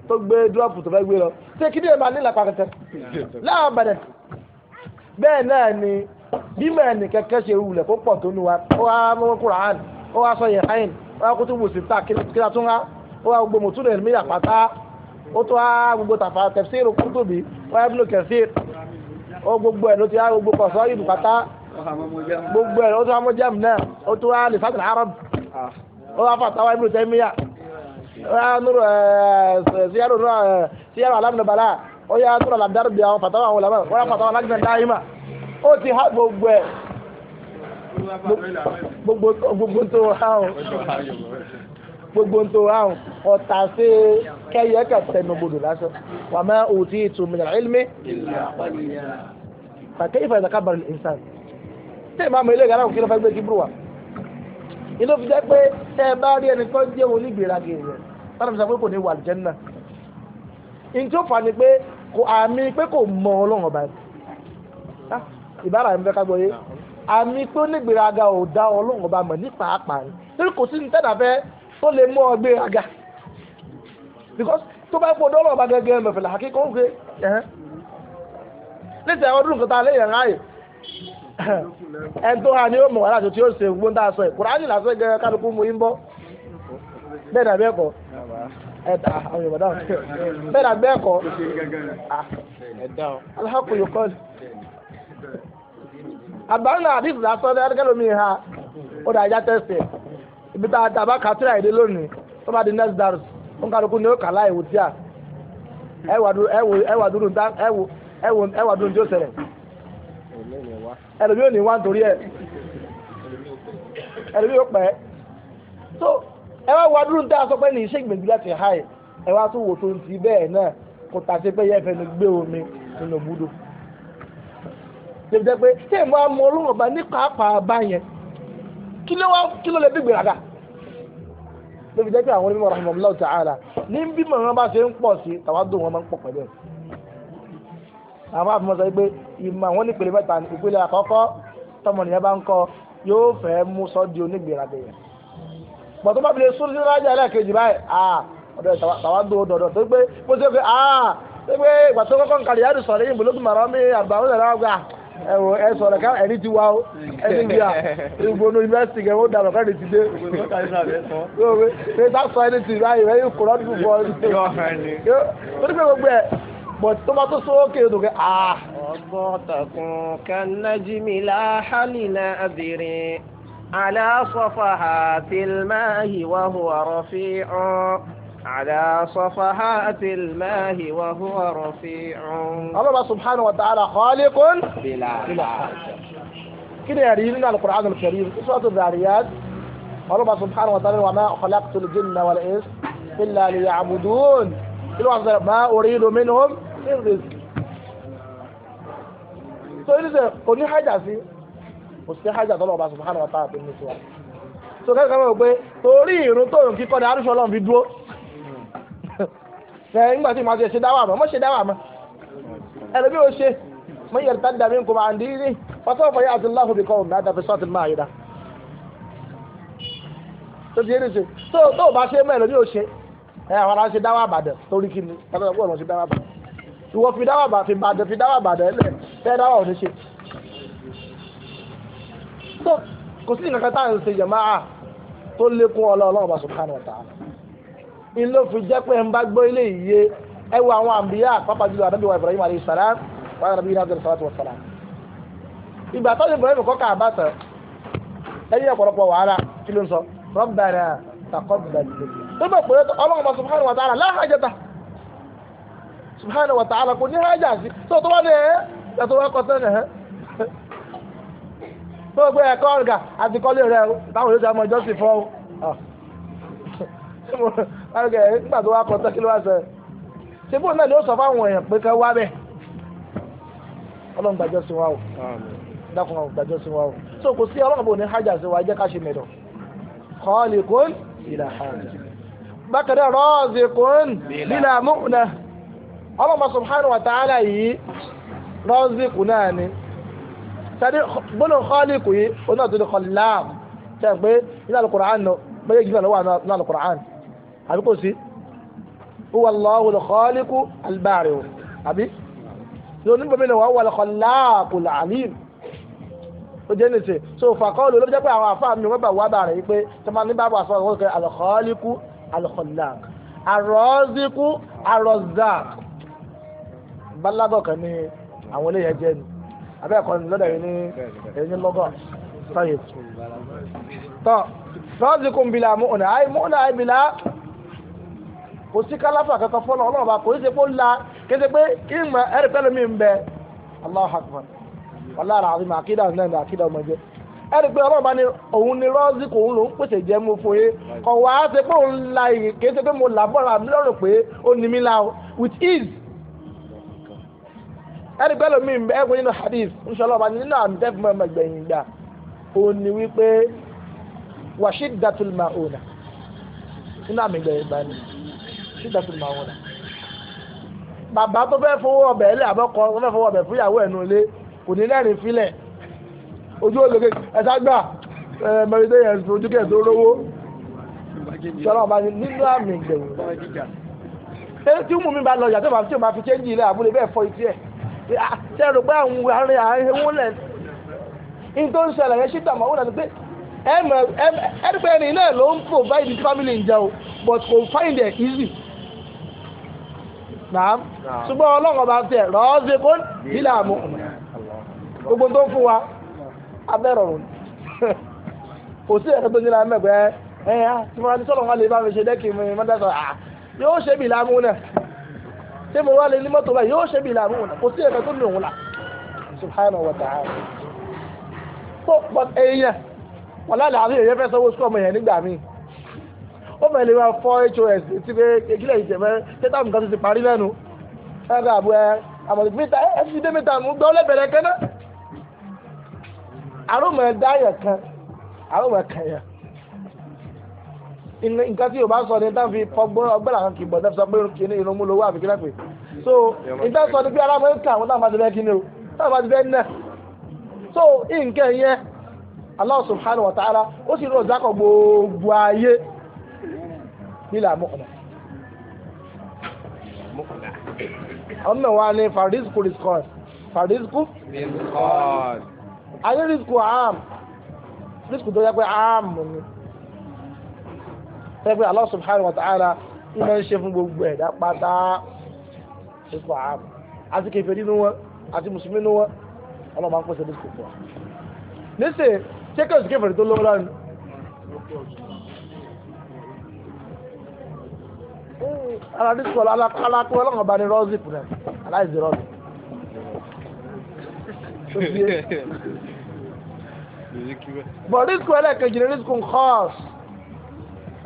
tó gbé dúrọ́pù tó fẹ́ gbé lọ ṣé kí ni ẹ̀ máa ní làpá kẹtẹ láwọn bẹ̀rẹ̀ bẹ́ẹ̀ náà ni bímọ ẹnì kẹkẹ ṣe wulẹ̀ kó pọ̀ tó nu wa ó wá mọ́wọ́ Kùránì ó wá sọ yẹn káyìn ó wá kótó wòsì ta kíra tún wá ó wá gbogbo mùtúrẹ̀ míyà pátá ó tó wá gbogbo tàfà tafsir kútùbí ó wá ibnu Kathir ó gbogbo ẹ̀ ló ti á gbogbo kọ̀sọ́ yìí bùkátà gbogbo ẹ̀ ó tún amójẹ́mù náà ó tún á lè fásitì arab ó wá fàtàwá ibùdó tẹ́míyà ó yá nuru ẹ̀ síyàrò nuru ẹ̀ síyàrò alámìnàbàlà ó yá nuru alamidari bi àwọn fàtàwá àwọn olàmọ́ ó yá fàtàwá alágbèsè dáhìmà ó ti há gbogbo ẹ̀ gbogbo gbogbo tó há o gbogbo ń tó ráhùn ọ̀tà sí kẹ́yẹ kẹsẹ̀nu gbòdò lásán wà má òtí ètò mìíràn ilmi pàtẹ́ ìfà ìdàkà bàrẹ̀ ìsàn tẹ́ ìmọ̀ àmọ́ ilé ìgbàlá òkè lọ́fẹ́ gbé kíbrù wa inú fi jẹ́ pé tẹ́ ẹ bá rí ẹni tó jẹ́ wọn onígbèrègè rẹ̀ sára fi sàpé ní wà jẹ́ náà ìjọ fà ni pé kò àmì pé kò mọ ọlọ́run ọba ìbára mi fẹ́ ká gbọ́ yé àmì pé onígbèrègà ò dá ọlọ́run ọba mọ̀ ní pàápàá nítorí kò sí ní tẹ́lá ó lè mú ọ gbé aga because tó bá gbọdọ̀ ọlọ́run bá gẹ́gẹ́ mẹ̀fẹ̀lá akíkọ́ ń gbé níta ọdún nǹkan tá a lè yàn ráàyè ẹni tó hà ní ó mọ̀ wá láti tí ó ṣe gbogbo ń dá aṣọ ẹ̀ kùránì lásán gẹ́gẹ́ kálukú mú yín bọ́ bẹ́ẹ̀ dàbí ẹ̀kọ́ ẹ̀dá àwọn Yorùbá dáhùn bẹ́ẹ̀ dàbí ẹ̀kọ́ ẹ̀dá alákùn yóò kọ́ni àgbà ńlá àdìsí lásán ẹ̀dá kẹlòmíì ha ó dà ibi tá a ta bá kàtúrà èdè lónìí tó bá di next dance ó ń ni ó kà láì ti tí a ẹwà dúró ntá ẹwà dúró tí ó ṣẹlẹ̀ ẹlòmíì ò ní wá nítorí ẹ ò so ẹwà wà dúró ntá sọ pé ní iṣẹ́ ìgbìyànjú láti ha ẹ ẹwà tó wò tó ń ti bẹ́ẹ̀ náà kò tà sí pé yẹ ni gbé omi nínú búdó. tẹ̀síjẹ́ pé tẹ̀ mọ́ amọ̀ Kilo ló Kilo kí ló lè bí gbèrágà lóbi jẹ́ pé àwọn onímọ̀ rahimahullahu ta'ala ní bí mọ̀ràn bá ṣe ń pọ̀ sí tàwádùn wọn máa ń pọ̀ pẹ̀lú ẹ̀ àwọn àfihàn sọ pé ìmọ̀ àwọn onípele mẹ́ta ní ìpele àkọ́kọ́ tọmọnìyàn bá ń kọ yóò fẹ́ mú sọ di onígbèrágà yẹn pọ̀tọ́ bá fi lè sún sí rájà ẹlẹ́ẹ̀kejì báyìí ọ̀dọ̀ tàwádùn ọ̀dọ̀ tó pé bó ṣe pé ah pé ìgbà tó kọ́kọ́ ń kalẹ̀ yàrá ìsọ̀rẹ́ yìnbó ló tún màrọ́ ẹwọ ẹ sọ̀rọ̀ ká ẹni ti wá o ẹni bíi a ìgbónú yunifásitì kẹ ó dànù káàdì ti dé ṣé sá sọ ẹni ti báyìí rẹ yóò kúrọ́ dùn fún ọ ní gbogbo ẹ bọ̀ tó bá tó kẹ a. Ah. ọgbọ́tàkùn kanájímì láhálìnà abirin aláṣọfà àti ilmáhìwáhùwà rọ̀fíì ọ́. على صفحات الماء وهو رفيع الله سبحانه وتعالى خالق بلا, بلا كده يريد لنا القرآن الكريم سورة الذاريات الله سبحانه وتعالى وما خلقت الجن والإنس إلا ليعبدون ما أريد منهم من رزق so it is a kò ní hajj sí kò hajj tọ́lọ̀ ọba subhanahu wa ta'ala tó ní sí so kẹ́kẹ́ mọ̀ pé torí ìrún tóun kíkọ́ ni arúṣọ́ ọlọ́run fi dúró ẹ nígbà tí màá ti ṣe dáwà mọ́ mọ́ ṣe dáwà mọ́ ẹlòmí ò ṣe mọ́ yẹ̀rì tá dàbí nǹkan máa ń dín ní pátá ọ̀fọ̀ yà àti láhùn bí kọ́ọ̀mù náà dàbí sọ́ọ̀tì máa yẹ tó ti yé ní ṣe tó tó bá ṣe mọ́ ẹlòmí ò ṣe ẹ àwọn ará ṣe dáwà àbàdàn torí kí ni pátá ọ̀fọ̀ ọ̀rọ̀ ṣe dáwà àbàdàn ìwọ fi dáwà àbàdàn fi bàdàn fi dáwà àbàdàn ẹlẹ fẹ́ dáwà ò ní ṣe. tó kò sí ń ló jẹ́ pé ń bá gbọ́ ilé ìyẹ ẹ àwọn àmbíyá pápá jùlọ àdébí wa Ibrahim alayhi salam wa nàbí iná abdul salatu salam. ìgbà tó ní Ibrahim kọ́ káàbá ọ̀pọ̀lọpọ̀ wàhálà kí ló sọ tó bẹ̀ ọlọ́run bá subhanahu wa ta'ala subhanahu wa ta'ala kò ní sí tó tó ní tó gbé ẹ̀kọ́ ọ̀gà àti kọ́lé rẹ̀ táwọn nígbà tó wá kọ tán kí ló wá sọ ṣé bóun náà ni ó sọ fáwọn èèyàn pé ká wá bẹ́ẹ̀ ọlọ́run gbàjọ́ sí wa o dákun ọ̀run gbàjọ́ sí wa o so kò sí ọlọ́run bò ní hajj sí wa jẹ́ ká ṣe mẹ́dọ̀ kọ́ọ̀lì kún ìlà hajj bákan náà rọ́ọ̀zì kún lílà múnà ọlọ́run subhanahu wa ta'ala yìí rọ́ọ̀zì kún náà ni sadi gbọ́dọ̀ kọ́ọ̀lì kù yìí oní àti olùkọ́ láàm tẹ̀ pé nínú Al-Qur'an bẹ́ẹ̀ gíga lọ́wọ́ nínú al àbí kò sí huwa Allahul khaliqu al-bari'u àbí yóò ní bọ́mí ni wọ́n wà al-khallaqul alim ó jẹ́ nìṣe so fàkọ́ọ̀lù ló jẹ́ pé àwọn àfáà mi wọ́n bá wà bàrẹ̀ yìí pé tó máa ní bábà sọ̀rọ̀ wọ́n kẹ́ al-khaliqu al-khallaq ar-raziqu ar-razzaq balagọ̀ kan ní àwọn eléyẹ jẹ́ ni abẹ́ ẹ̀kọ́ ni lọ́dọ̀ yìí ní ẹ̀yìn lọ́gọ̀ kò sí kálàfà kankan fọlọ́ ọlọ́run bá kò sí pé ó la kéde pé kí n mọ ẹ̀rì pẹ́lú mi ń bẹ Allahu akbar wàlá ara àti màkídà ní ẹ̀dá àkídà ọmọ jẹ ẹ̀rì pé ọlọ́run bá ní òun ní rọ́ọ̀sì kò ń lò ń pèsè jẹ́ mú fún yé kọ̀ wá ṣe pé òun la ìyè kéde pé mo là bọ́ra mi lọ́rùn pé ó ní mi la with ease ẹ̀rì pẹ́lú mi ń bẹ ẹ̀kún nínú hadith ń sọ nínú àmì tẹ́fù nínú àmì ìgbẹ̀yìn ṣídàtú màwúrà bàbá tó fẹ́ fowó ọbẹ̀ ilé àbọ̀kọ tó fẹ́ fowó ọbẹ̀ fúyàwó ẹ̀ nulẹ̀ kò ní lẹ́rìn filẹ̀ ojú ológe ẹ̀sà gbà ẹ̀ mẹ́rìndé yẹn ojú kẹ̀ rówó sọlá ọba nínú àmì ìgbẹ̀wò ẹ tí mi bá lọ yàtọ̀ màá tí o máa fi kéńjì ilé àbúlé bẹ́ẹ̀ fọ etí ẹ̀ ah, ṣe rò pé àwọn àárín àárín lẹ̀ ní tó ń ṣẹlẹ̀ yẹn ṣíta mọ̀ wọn lẹ́nu pé ẹni pé ẹni náà ló ń provide family ń jẹun but kò find it easy náà ṣùgbọ́n ọlọ́run ọba tẹ̀ rọ́ọ̀ṣe kó nílà mú gbogbo tó fún wa abẹ́rọ̀rùn kò sí ẹ̀ka tó nílà mẹ́gbẹ́ ẹ̀ ẹ́ tí mo ra ti sọ̀rọ̀ wọn lè bá mi ṣe dẹ́kì mi mọ́tàṣọ́ à ah, yóò ṣe bì láàmú náà tí mo wá lè ní mọ́tò báyìí yóò ṣe bì láàmú náà kò sí ẹ̀ka tó ní òun là subhanahu wa ta'ala tó pọ̀ ẹ̀yẹ wọ́n láàrín àwọn èèyàn fẹ́ sọ́wọ́ sọ́ọ̀mù ó fẹ́ lè máa fọ́ hos ti pé ìkílẹ̀ ìjẹ̀mẹ́ tẹ́tàmù kan ti ti parí lẹ́nu ẹ̀ka àbú ẹ àmọ̀tí mítà ẹ ti dé mítà mú gbọ́ lẹ́bẹ̀rẹ̀ kan náà ẹ̀dá yẹn kan àrùmọ̀ ẹ̀kan yẹn nǹkan tí yorùbá sọ ni tá fi fọgbọ́n ọgbẹ́ làwọn kì í bọ̀ dẹ́fẹ́ sọ pé kí irun mú lówó àbí kílápè so nǹkan sọ ni pé aláwọ̀ ń kà wọ́n táwọn bá ti fẹ́ kí o táwọn bá ti fẹ́ nà so nǹkan yẹn Allah subhanahu wa ta'ala ó sì rọ̀ jákọ̀ gbogbo ayé bílà mọ̀kànlá. ọ̀nà wa ni farisku riskon farisku. riskon. ayé risku am risku tó yẹ pé am ni. pẹ́pẹ́ Allah subhanahu wa ta'ala ìmọ̀ ń ṣe fún gbogbo ẹ̀dá pátá risku am àti kẹfẹ́ nínú wọn àti mùsùlùmí nínú wọn ọlọ́mọ akpọ̀sẹ̀ risku fún wa. nísìnyí ṣé kí o sì kẹfẹ́ tó lọ́wọ́ lánàá. ara ní sọ̀rọ̀ alákó ọlọ́run ọba ní rọ́ọ̀sìpù rẹ̀ aláìsí rọ́ọ̀sì. bọ̀ rísíkù ẹlẹ́ẹ̀kejì ní rísíkù nkọ́ọ̀s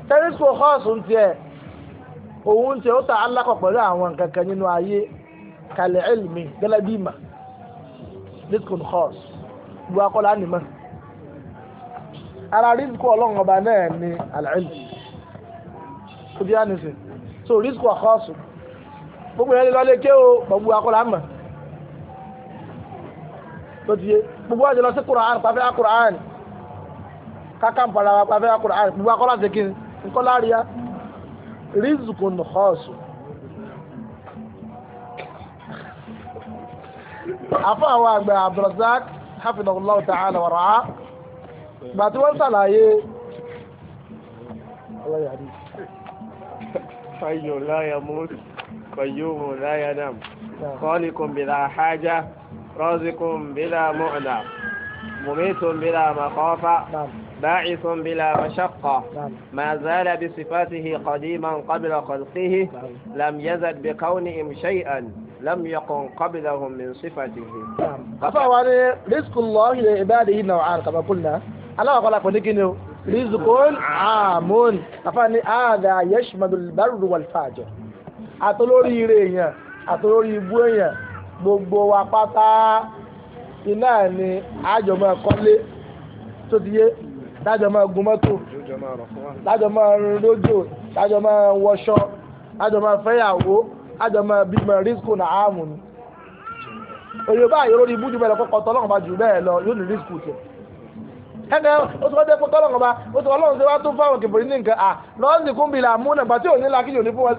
tẹ́ rísíkù nkọ́ọ̀s ń tiẹ̀ òun ń tiẹ̀ ó ta alákọ̀ pẹ̀lú àwọn nǹkan kan nínú ayé kalẹ̀ ẹ̀lìmí gẹ́lẹ́ bí mà rísíkù nkọ́ọ̀s ìlú akọ́lá nìmọ̀ ara rísíkù ọlọ́run ọba náà ní àlẹ́ ẹ̀lìmí. Kò bí so risk wà kọ́ sùn gbogbo yẹn lè lọ lé ké o gbogbo akọ́lá mọ̀ tó ti yé gbogbo àjọ lọ sí Quran pàfẹ́ Quran káká ń para pàfẹ́ Quran gbogbo akọ́lá ti kí nǹkan láríyá risk kọ́ sùn. afa àwọn àgbà Abdulrasaq hafidhahullahu ta'ala wa ra'a gbàtí wọ́n sàlàyé ọlọ́yàdì. حي لا يموت قيوم لا ينام خالق بلا حاجة رازق بلا معنى مميت بلا مخافة باعث بلا مشقة ما زال بصفاته قديما قبل خلقه لم يزد بكونهم شيئا لم يكن قبلهم من صفته قفا رزق الله لعباده نوعان كما قلنا الله قال لك rizukun amun àfààní àdà yashmadu albarru wal fajir àtolórí ire èèyàn àtolórí ibú èèyàn gbogbo wa pátá iná ni àjọmọ kọ́lé tó ti yé lájọ máa gun mọ́tò lájọ máa rin lójò lájọ máa wọṣọ lájọ máa fẹ́yàwó lájọ máa bímọ rísíkù náà àmù ni òyìnbó àyè lórí ibú jù bẹ́ẹ̀ lọ kọ́kọ́ lọ yóò ní rísíkù tiẹ̀ ẹnẹ o tún wá jẹ́ pé tọ́lọ̀ ọba o tún ọlọ́run ṣe wá tún fáwọn kìbìrì ní nǹkan à lọ́ọ̀sì kún bìlà àmúnà gbà tí ò ní làkìjì ní fún wọn.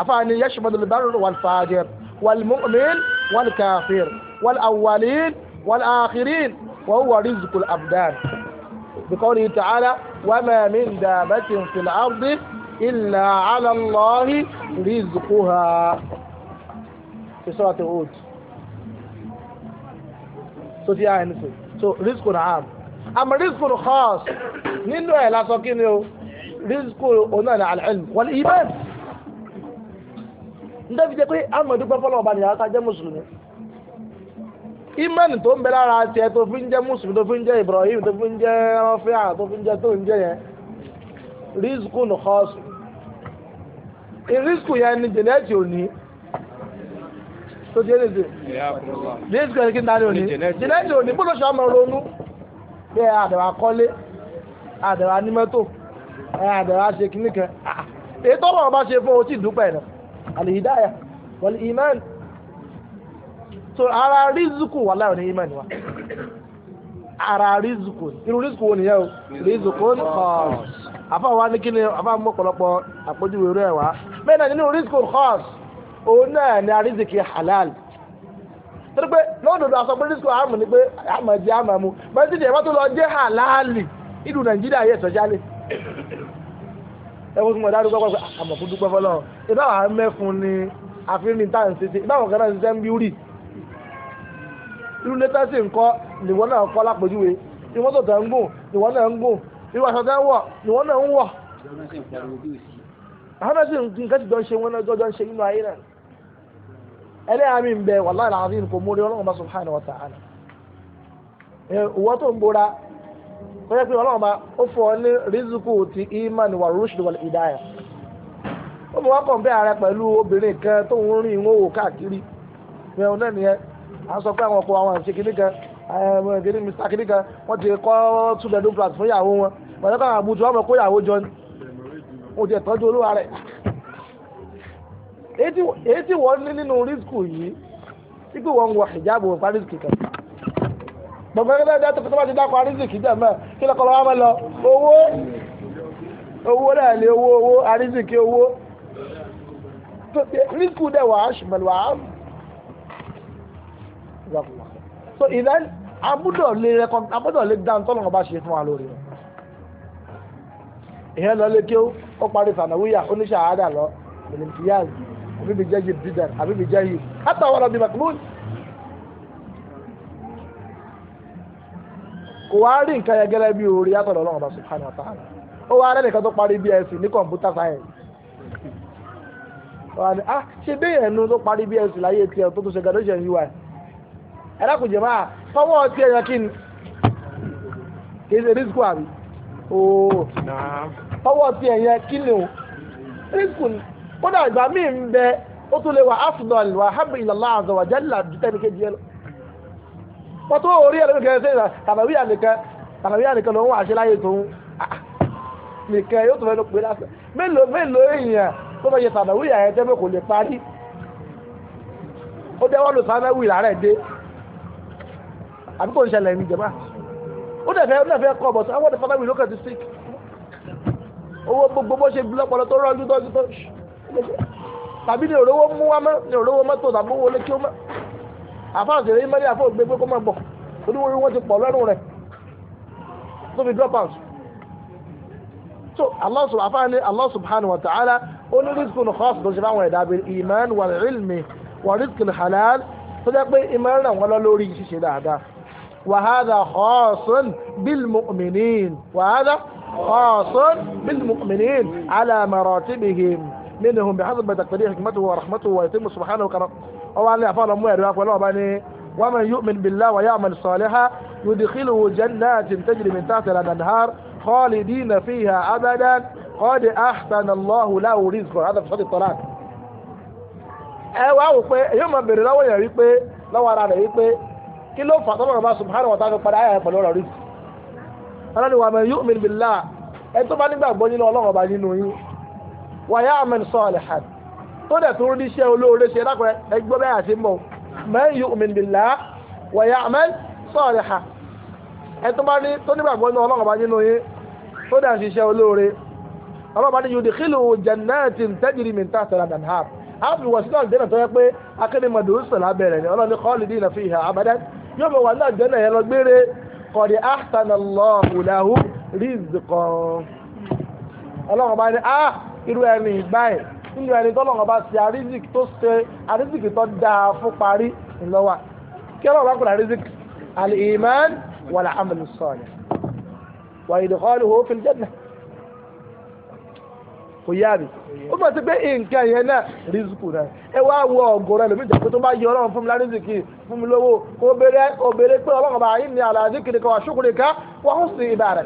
àfààní yashmadul barr wal fajir wal mu'min wal kafir wal awwalin wal akhirin wa huwa rizqul abdan. بقوله تعالى وما من دابة في الأرض إلا على الله رزقها في سورة هود سورة آية نسوي so rizqun am àmọ́ rizqun khas nínú ẹ̀ lásán kí ni o rizqun ọ̀nà ní al-ilm wal iman nítorí jẹ́ pé amadu gbọ́fọ́ lọ́wọ́ bá ní yàrá jẹ́ mùsùlùmí iman tó ń bẹ lára tiẹ̀ tó fi ń jẹ́ mùsùlùmí tó fi ń jẹ́ ibrahim tó fi ń jẹ́ rọ́fíà tó fi ń jẹ́ tó ń jẹ́ yẹn rizqun khas rizqun yẹn ni jẹ̀nẹ́tì ò tó di ẹlẹ́sẹ̀ jésù kẹsì kí n darí òní jìnẹ́sì òní bó ló ṣe ọmọ ronú bí ẹ àdàwà kọ́lé àdàwà ní mọ́tò ẹ àdàwà ṣe kíní kan ah, èyí tó lọ́wọ́ bá ṣe fún o tí dúpẹ́ rẹ̀ àlèhídáyà wọlé ìmánì so ara rízùkù wà láwọn ní ìmánì wa ara rízùkù irú rízùkù wo nìyẹn o rízùkù ń kọ́ àfọwọ́ wa ní kíni àfọwọ́ mú ọ̀pọ̀lọpọ̀ àpójúwe rẹ̀ wá bẹ́ẹ̀ náà nínú rízùkù kọ́ọ̀sì òun náà ni arizikì halal torí pé lọ́dọọdọ aṣọ pé disco àmọ̀ ni pé àmọ̀ jẹ́ àmọ̀ mu bẹ́ẹ̀ títí ẹ̀fọ́ tó lọ jẹ́ halali ìlú nàìjíríà yẹ ìtọ́jálè ẹ̀fọ́ tó mọ̀ dáadọ́ pẹ́pẹ́ pé àmọ̀ kó dúpẹ́ fọlọ́ ìbá wa mẹ́fun ni àfihàn tá à ń ṣe ìbá wọn kan náà ṣiṣẹ́ ń bí rì irú létà sí nǹkan nìwọ náà kọ́ lápèjúwe ìwọ́n tó tẹ̀ ń gùn nìwọ náà ń gùn ẹlẹ́yà mi ń bẹ wàláhì làzín kò mórí ọlọ́run bá subhanahu wa ta'ala ìwọ tó ń bora pé ọlọ́run bá ó fọ ní rízùkù ti iman wà wà ìdáyà ó mú pẹ̀lú obìnrin kan tó ń rìn káàkiri náà nìyẹn à ń sọ pé àwọn àwọn kan mr kan wọ́n ti èyí tí wọ́n ní nínú rísíkù yìí tí pé wọ́n ń wọ hijabu wọn pa rísíkù kan bàbá yẹn lẹ́yìn tó bá ti dákọ̀ arísíkù dẹ̀ mẹ́ kí lọ́kọ̀ lọ́wọ́ máa lọ owó owó náà lé owó owó arísíkù owó rísíkù dẹ̀ wà á ṣùgbọ́n wà á so ìlànà abúdọ̀ lè rẹkọ abúdọ̀ lè dáhùn tọ́lọ̀ ọba ṣe fún wa lórí rẹ̀ ìyẹn lọ lé kí ó parí sànàwíyà oníṣẹ́ àádà lọ bìlìntìyàzì àbí bí jẹ́ yìí dídà àbí bí jẹ́ yìí hátà wà lọ́bí maklúl. kò wá rí nǹkan yẹn gẹ́lẹ́ bí orí yàtọ̀ lọ́wọ́ ọba subhanahu wa ta'ala ó wá rẹ́ nìkan tó parí bsc ní kọ̀ǹpútà sáyẹ̀nsì wà ní ah ṣe bẹ́ẹ̀ ẹnu tó parí bsc láyé tiẹ̀ tó tó ṣe graduation ui ẹ̀rọ kò jẹ̀ máa fọwọ́ ti ẹ̀yàn kí ni kì í ṣe kódà ìgbà míì ń bẹ ó tún lè wà afdal wà habbu ilallah azza wa jalla ju kejì ẹ lọ. wọ́n tó orí ẹ̀rọ kẹrin sẹ́yìn na nìkan tàbàwíyà nìkan ló ń wà ṣe láyé tòun ah, yóò tún fẹ́ ló pé lásán mélòó mélòó èèyàn tó fẹ́ ṣe tàbàwíyà ẹ̀ tẹ́ kò lè parí ó dẹ́wọ́ lò sànáwì làárẹ̀ dé àbí kò ń ṣẹlẹ̀ ní jẹ̀má ó dẹ̀ fẹ́ ó dẹ̀ fẹ́ tàbí ní òróró mú wá mọ́ ní òróró mọ́tò tàbí owó lé kí ó mọ́ àfáà sì rí mẹ́rin àfọ́ ògbé pé kó máa bọ̀ oníwòrí wọn ti pọ̀ lọ́rùn rẹ̀ tó fi drop out so Allah subhanahu ni Allah subhanahu wa ta'ala ó ní rizqu ní khas tó ṣe fáwọn ẹ̀dá bíi iman wal ilmi wa rizqu halal tó jẹ́ pé iman ràn wọ́n lọ lórí ṣíṣe dáadáa wa hadha khasun bil mu'minin wa hadha khasun bil mu'minin ala maratibihim. منهم بحسب تقتضيه حكمته ورحمته ويتم سبحانه كرم أو على أفعال أموه رواق والله ومن يؤمن بالله ويعمل صالحا يدخله جنات تجري من تحتها الأنهار خالدين فيها أبدا قد أحسن الله له رزقه هذا في صوت الطلاق ẹ wá wò pé èyí máa bèrè lọ́wọ́ yẹn rí pé lọ́wọ́ ara rẹ̀ rí pé kí ló fà tọ́lọ́rọ̀ bá subhanahu wa ta'ala padà ayà pẹ̀lú ọ̀rọ̀ rí. ọlọ́run wa wàyà àmàn sọ̀lẹ̀ hàn tó dẹ̀ tó rí iṣẹ́ olóore ṣe lápẹ́ ẹgbẹ́ bẹ́ẹ̀ àti mọ̀ man yu'min billah wa ya'mal salihan ẹ tó bá ní tó nígbàgbọ́ ní ọlọ́run bá nínú yín tó dẹ̀ ń ṣiṣẹ́ olóore ọlọ́run bá ní yudkhilu jannatin tajri min tahtiha al-anhar àbí wọ̀ sínú àlùjẹ́nà tó yẹ pé akéde mọ̀dù ń sàn lábẹ́rẹ̀ ni ọlọ́run ní khalidina fiha abadan yóò mọ̀ wà ní àlùjẹ́nà yẹn lọ gbére qad ahsana Allahu lahu rizqan ọlọ́run bá ní ah irú ẹni ìbáyìí nínú ẹni tọ́lọ́run ọba ṣe àrísìkì tó ṣe àrísìkì tó dáa fún parí ńlọ́wà kí ọlọ́run bá kúrò àrísìkì al-iman wal-amal as-salih wa idkhaluhu fil jannah kò yá mi ó bá ti pé nǹkan yẹn náà rìsíkù náà ẹ wá wọ ọgọrọ ẹlòmíì jẹ pé tó bá yọ ọlọ́run fún mi lárìsìkì fún mi lówó kó bèrè kó pé ọlọ́run bá yín ní àlàyé kiri kan wà ṣùkúrì kan wà ó sì ibà rẹ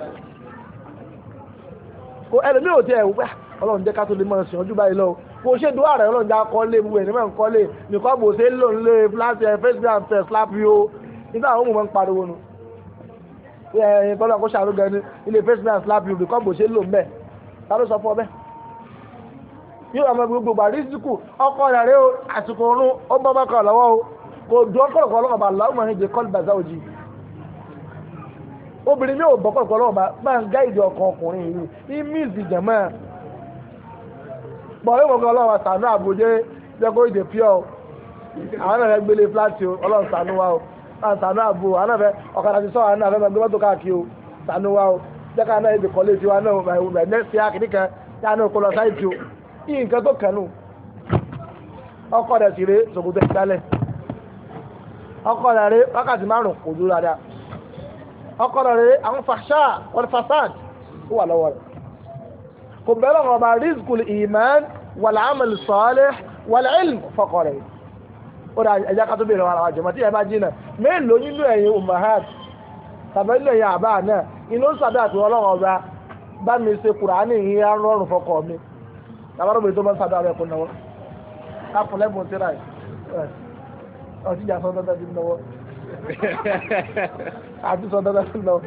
kó ẹlòmíì ò tiẹ̀ wù pé ọlọ́run jẹ́ ká tó lè máa sìn ọjọ́ báyìí lọ bó ṣe dùn ààrẹ ọlọ́run já kọ́lé bu ẹ̀ nígbà kọ́lé nìkan bò ṣe ń lò nílé fúláṣẹ eh, facebook and fẹ́ slap yìí o nígbà àwọn ọmọ máa ń pariwo nu ẹ̀ bọ́lá kó ṣàánú gan ni ilé facebook and slap yìí nìkan bò ṣe ń lò mbẹ́ ta ló sọ fún ọ bẹ́ẹ̀ yóò àmọ́ gbogbo bàrísíkù ọkọ rẹ̀ rẹ̀ o àsìkò oorun ó bọ́ bá kọ̀ lọ́wọ́ o kò dùn ọkọ̀lọ̀kọ̀ ọlọ́wọ́ bá láwùmọ̀ ẹ̀jẹ̀ kọ́lù bàzá òjì obìnrin mi ò bọ́ kọ̀lọ̀kọ̀ ọlọ́wọ́ bá máa ń gá ìdí ọkọ̀ ọkùnrin yìí ní míìsì jẹ̀mọ́ bọ̀ ẹ̀ wọ̀ngàn ọlọ́run àṣàánú àbújé jẹ́ kó ìdè pure o àwọn náà fẹ́ gbélé fúláàtì o ọlọ́run ṣàánú wa o ṣàánú àbò àwọn náà fẹ́ ọ̀kadà ti sọ àwọn náà fẹ́ káàkiri o ṣàánú wa o jẹ́ ká náà ibi kọ́lé tiwa náà rẹ̀ nẹ́ẹ̀sì àkìní kan yá lọ sáìtì o ní nǹkan tó kẹnu ọkọ rẹ̀ sì ré ṣòkòtò ìdálẹ̀ ọkọ rẹ̀ ré wákàtí márùn kò dúró dáadáa ọkọ rẹ̀ ré àwọn fàṣà kò bẹ́ẹ̀ lọ́wọ́ bá rizqul iman wal amal salih wal ilm fọkọrẹ ó dà ẹja ká tó bèrè wọn àwọn àjọmọ tí ẹ bá jìnnà mélòó nínú ẹ̀yin umahat tàbí nínú ẹ̀yin àbá náà inú sàbẹ àti Ọlọ́run ọba bá mi ṣe kùránì yìí á rọrùn fọkọ mi tàbí ọdún tó bá ń sàbẹ àbẹ kò náwó ká fún lẹ́bùn tíra yìí ọtí ìjà sọ dandan ti náwó àti sọ dandan ti náwó.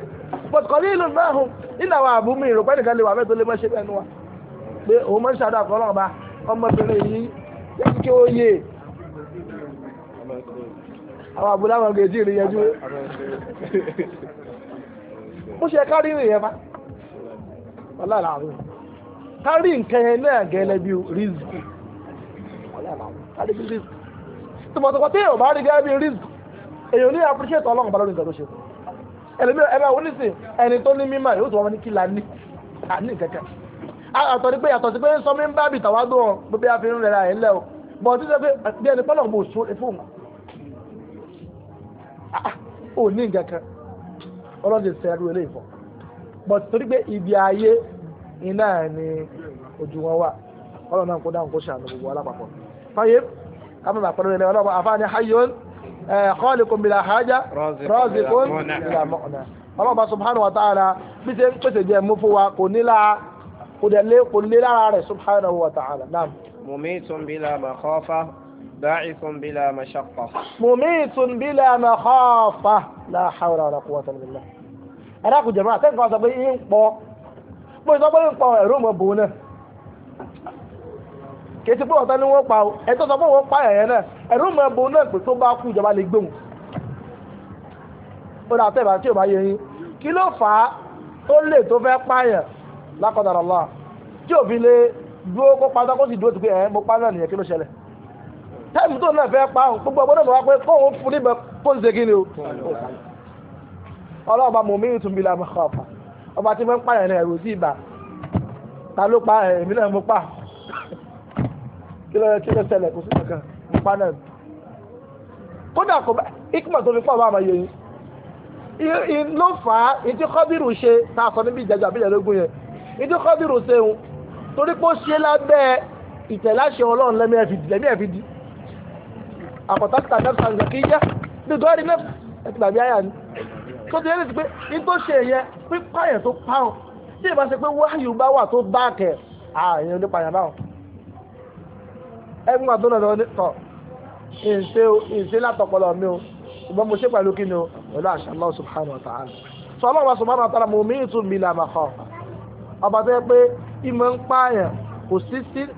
but kọ́ náà hùn nílẹ̀ àwọn àbúrò mi ìròpẹ́ nìkan lè wà mẹ́tò mọ́ṣẹ́ wa pé òun máa ń ṣàdá àkọ́ náà ọmọbìnrin yìí jẹ́ kí ó yé àwọn àbúrò àwọn ọ̀gẹ̀ jì yẹjú ó ṣe kárí rìn yẹn fa ọlọ́ọ̀lá kárí nǹkan yẹn náà gẹ́lẹ́ bí rìzìkì ọlọ́ọ̀lá tí bá rí bí ní bá lórí tó ṣe fún ẹlẹ́mi ẹ̀rọ àwọn oníṣìn ẹni tó ní mímọ̀ yóò tún wọn ní kílà ní àní kẹ̀kẹ́ àtọ̀ ni pé yàtọ̀ sí pé ń sọ mí ń bá bìtà wá gbọ́n gbogbo àfi ń rẹ̀ra ẹ̀ ńlẹ̀ o bọ̀ ọtí sọ pé bí ẹni pọ́nlọ̀ bò so ètò òun ò ní kẹ̀kẹ́ ọlọ́dẹ sẹ́rù eléyìí fọ́ bọ̀ torí pé ibi ayé iná ni ojú wọn wà ọlọ́run náà kó dáhùn kó ṣàánú gbogbo alápapọ̀ fáyé ká má bàa pẹ́rẹ́ lẹ́yìn ọlọ́run Eh, khaliqun bila haja raziqun bila mu'na ọlọ́ba subhanahu wa ta'ala bí ṣe ń pèsè jẹ́ mú fún wa kò ní lára kò dẹ̀ lé kò lé lára rẹ̀ subhanahu wa ta'ala naam. mumitun bila makhafa ba'ithun bila mashaqqa. mumitun bila makhafa la hawla wala quwwata illa billah. ẹ̀rọ àkùjẹ̀mọ́ àtẹ́kọ̀ọ́ sọ pé yín pọ̀ pé sọ pé yín pọ̀ ẹ̀rọ mọ̀ bò náà kìí ti pé ọ̀tá ni wọ́n pa o ẹ̀ tó sọ pé wọ́n pa ẹ̀yẹn náà ẹ̀rú mọ ẹbọ náà pé tó bá kú ìjọba lè gbóhùn. ó dà tẹ́lẹ̀ àti ìbá yẹ yín kí ló fà á ó lè tó fẹ́ pààyàn lákọ̀dàrà lọ́wọ́ tí òfin lè dúró kó pa kó sì dúró ti pé ẹ̀ mo pa náà nìyẹn kí ló ṣẹlẹ̀. táìmù tó náà fẹ́ pa òun gbogbo ọgbọ́n náà wá pé kóun fún níbẹ̀ kó ń segin ni o. ọlọ́ọ̀bà mọ̀mí ìtúnbílà ọba ń kí ló kí ló ṣẹlẹ̀ kò sí kankan nípa náà kódà kò bá ikma tó fi fún ọba àmọ́ yẹn ló fà á ìdí kọ́bírù ṣe tá a sọ níbi ìjẹ́jọ́ àbíjẹ́lógún yẹn ìdí kọ́bírù ṣe ń torí pé ó ṣe lábẹ́ ìtẹ̀láṣẹ ọlọ́run lẹ́mí ẹ̀fì di lẹ́mí ẹ̀fì di àpọ̀tàkìtà nẹ́fà ń kí yá bí gọ́ọ̀rì nẹ́fà ẹ̀tì tàbí àyà ni tó ti yẹ́nìí pé ní tó ṣe yẹn pípáyẹ̀ tó pààrọ̀ tí ìbá ṣe pé wáyù bá wà tó bá kẹ̀ àyẹn onípàyà báwọn ẹgbẹ́ àti ọ̀nà tọ̀ ìṣe ìṣe látọ̀pọ̀lọ̀ mi o ṣùgbọ́n mo ṣe pẹ̀lú kí ni o pẹ̀lú àṣà Allah subhanahu wa ta'ala sọ ọlọ́run subhanahu wa ta'ala mo mí ìtú mi làmà kọ́ ọba tó yẹ pé ìmọ̀ ń pààyàn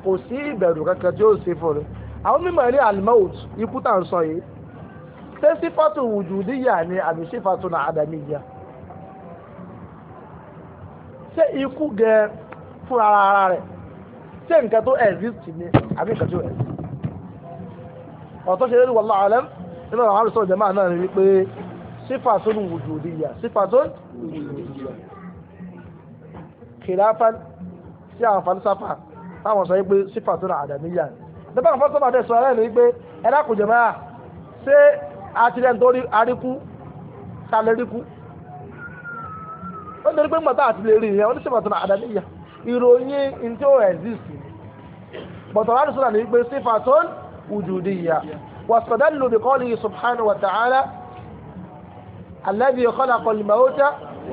kò sí ìbẹ̀rù kankan tí ó ṣe fún mi àwọn mímọ̀ ní al-maut ikú tà ń sọ yìí ṣé sífàtù wùjúdíyà ni àbí sífàtù nà àdàmíyà ṣé ikú gẹ fún ara rẹ̀ ṣé nǹkan tó exist ni àbí nǹkan tó exist ọ̀tọ́ ṣe lórí wallahu alam nínú àwọn àrùsọ ìjọba náà ni wípé sifatun wujudiyya sifatun wujudiyya kìláfà sí àwọn falsafa táwọn sọ wípé sifatun adamiyya nípa àwọn falsafa tẹ̀ sọ ẹ̀ ní wípé ẹ̀dá kò jẹ̀mọ́ à ṣé àtìlẹ́yìn tó rí aríkú ta lè ríkú ó ń dorí pé ń gbọ́dọ̀ àtìlẹ́yìn rí ìyẹn oníṣègùn àtìlẹ́yìn ìròyìn ntí ó exist bọ̀tọ̀ láti sọ̀rọ̀ ní pé sífàtún wùjúdìyà wàsọ̀dẹ́lù bí kọ́lì subhanahu wa ta'ala alladhi khalaqa al-mawta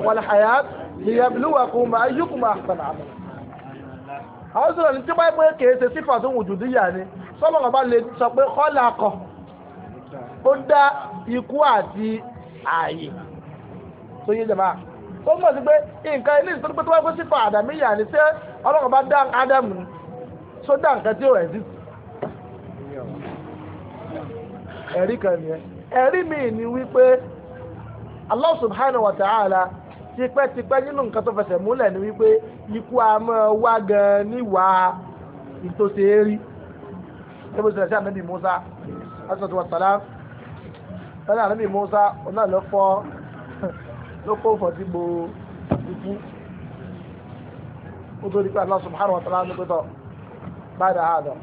wal-hayat liyabluwakum ayyukum ahsanu amala. àwọn sọ̀rọ̀ ní tí wọ́n pé kèé ṣe sífàtún wùjúdìyà ni sọ́mọ̀ kan bá ó mọ̀ sí pé nǹkan ilé ìsọ́nù pé tó ni ṣé ọlọ́run bá dá ádámù ni ṣó dá nǹkan tí ó rẹ̀ sí. ẹ̀rí kan nìyẹn ẹ̀rí míì ni wípé Allah subhanahu wa ta'ala tipẹ́tipẹ́ nínú nǹkan tó fẹsẹ̀ múlẹ̀ ni wípé ikú a wá gan-an níwàá ìtòsí eré níbo sì rẹ̀ sí ànábì Musa ló kó fọ́tí bo ikú ó tó di pé Allah subhanahu wa ta'ala ní pẹ́tọ́ bá dà á dọ̀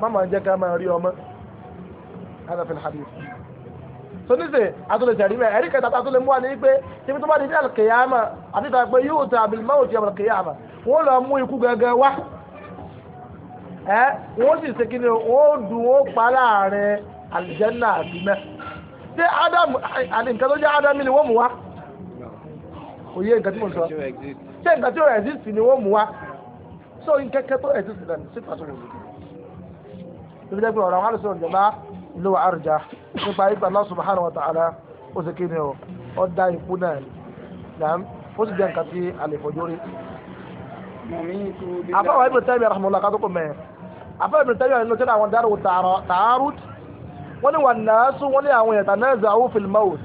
mama jẹ́ ká máa rí ọmọ hada fi so ní sè àtúnlẹ̀ tẹ̀rí mẹ́ ẹ̀rí kẹta àtúnlẹ̀ mú wa ní pé ibi tó bá di ní al-qiyama àti ìta pé yóò tẹ àbí mọ́wò ti al-qiyama wọ́n lọ mú ikú gẹ́gẹ́ wá ẹ́ wọ́n sì ṣe kí ni wọ́n dùn ó pa láàrin al-janna àti mẹ́fà ṣé ádámù àti nǹkan tó jẹ́ ádámù ni wọ́n mú wa kò yé nǹkan tí mo sọ ṣé nǹkan tí ó exist ni wọ́n mú wa so nkẹ́kẹ́ tó exist lẹ́nu sí pàtó wò ló fi jẹ́ pé ọ̀rọ̀ àwọn àlùsọ̀rọ̀ ìjọba ló wà àrùjá nípa ipa Allah subhanahu wa ta'ala ó sì kí ni o ó dá ikú náà nàám ó sì jẹ́ nǹkan tí a lè fojú rí. àfọwọ́ ibùdó tẹ́lẹ̀ rahmanulah kátó kò mẹ́ àfọwọ́ ibùdó tẹ́lẹ̀ nínú tẹ́lẹ̀ àwọn dárò tààrùt wọ́n ní wà nàásù wọ́n ní àwọn èèyàn tàná ẹ̀zàwó fìlmọ́ọ̀t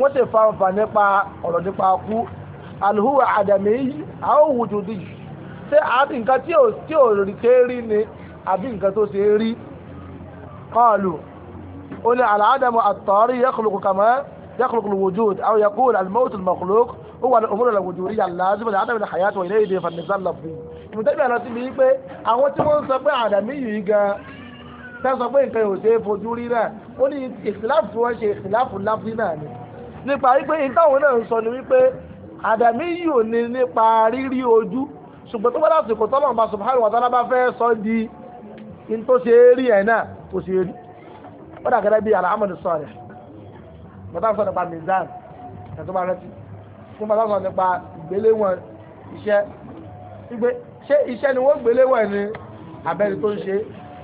wọ́n sì fanfà nípa ọ̀rọ̀ nípa kú alùhùwà àdàmì yìí àwọn òwùjù dì í ṣé àti nǹkan tí ò tí ò rí ṣe rí ni àbí nǹkan tó ṣe rí kọ́ọ̀lù ó ní àlàádámù àtọ́rí yẹ́kùlùkù kàmọ́ يخلق الوجود او يقول الموت المخلوق هو الامور الوجوديه اللازمه لعدم الحياه واليه فالنزال لفظي. ìmọ̀tẹ́bí àná ti bí pé àwọn tí wọ́n ń sọ pé àdàmí yìí gan-an sẹ́sọ pé nǹkan ò ṣe é fojú rí náà ó ní ìsìláàfù tí wọ́n ṣe ìsìláàfù láfi náà ni nípa wípé ìtàwọn náà ń sọ ni wípé àdàmí yìí ò ní nípa rírí ojú ṣùgbọ́n tó bá lásìkò tọ́lọ̀ ọba subhanahu wa ta'ala bá fẹ́ sọ di in tó ṣe é rí ẹ̀ náà kò ṣe é rí ó dà gẹ́gẹ́ bí alámọ̀dé bàtà sọ nípa mizan ẹ̀ bá rẹ́tì fún bàtà sọ nípa ìgbéléwọ̀n iṣẹ́ ṣé iṣẹ́ ni wọ́n gbéléwọ̀n ni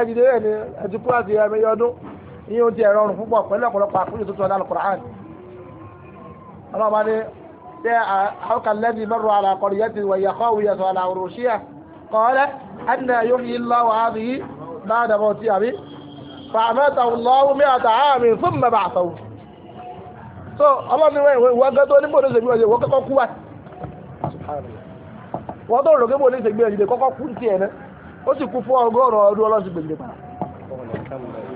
ẹ̀dìdẹ́ rẹ̀ ni ẹ̀dì kúláàsì ẹ̀mẹ́yẹ ọdún ìyẹn ó di ẹ̀rọ ọ̀rùn púpọ̀ pẹ̀lú ọ̀pọ̀lọpọ̀ àkúnyè tó tún ọ̀dà alukur'an ọlọ́run bá ní ṣé àwòkà lẹ́ni mẹ́rù àlà qaryatin wa hiya khawiyatun àlà urushiha qala anna yuhyi Allahu hadhihi ba'da mawtiha àbí fa'amatahu Allahu mi'ata 'amin thumma ba'athahu. so ọlọ́run ní wọ́n gẹ́tọ́ níbo ní ìṣègbè ọ̀yẹ́ wọ́n kú wa wọ́n tó rò ó sì kú fún ọgọ́rọ̀ ọdún ọlọ́run sì gbèdé padà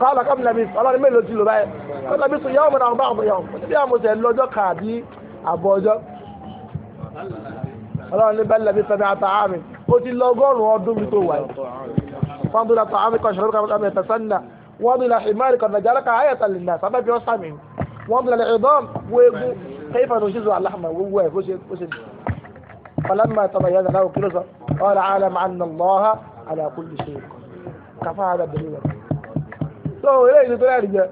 kọ́lá kọ́mù nàbí ọlọ́run mélòó ti lò báyìí kọ́lá nàbí sùn yàwó mọ̀nà ọ̀bá ọ̀bọ̀ yàwó bí àwọn ọ̀sẹ̀ lọ́jọ́ kàbí àbọ̀ ọjọ́ ní bẹ́ẹ̀ nàbí sẹ́mi àtà àmì ó ti lọ ọgọ́rùn ọdún mi tó wà yìí wọ́n dúró àmì kan ṣòro kan ẹ̀tẹ̀ sẹ́nà wọ́n dúró ìmárì kan nàjà lọ́kà ayẹ̀tà lè nà sábẹ́ fi ọ́ sàmì wọ́n dúró ala kulli shay kafa hada dalila so eléyìí ni tó rẹ̀ jẹ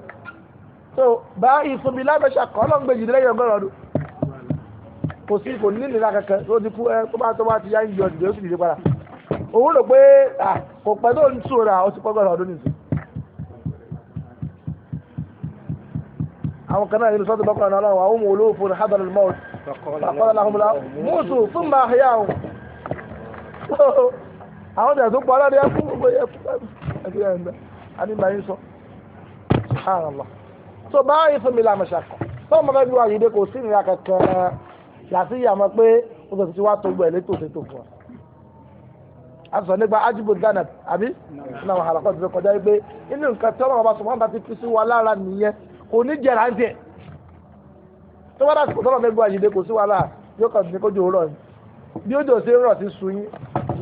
so báyìí fún mi lábẹ́sà kọ́ ló ń gbèjì lẹ́yìn ọgọ́rùn ọdún kò sí kò ní nira kankan tó ti kú ẹ tó bá tó bá ti yá ń yọ ìdílé ó sì dìde padà òun rò pé kò pẹ́ tó ń tù rà ó ti pọ́ ọgọ́rùn ọdún nìyí. àwọn kan náà nínú sọ́tò bọ́kọ̀ náà wà ọmọ olóòfò ní hadar al-maut faqala lahum la mutu thumma àwọn ọjà tó pọ̀ lọ́dẹ ẹkú gbogbo ẹkú ẹkú ẹ̀ǹdà àníbàyí sọ subhanallah tó báyìí fún mi làmọ̀ṣà kọ̀ tó mọ̀ fẹ́ bí wàá yìí dé kò sí ìrìn kankan yàtí yàmọ̀ pé o tó ti wá tó gbọ̀ ẹ̀ tó tó fún ọ. a sọ nípa ghana àbí àwọn àlàkọ́ ti kọjá pé inú nǹkan tí bá sọ bá ti fi sí wa lára nìyẹn kò ní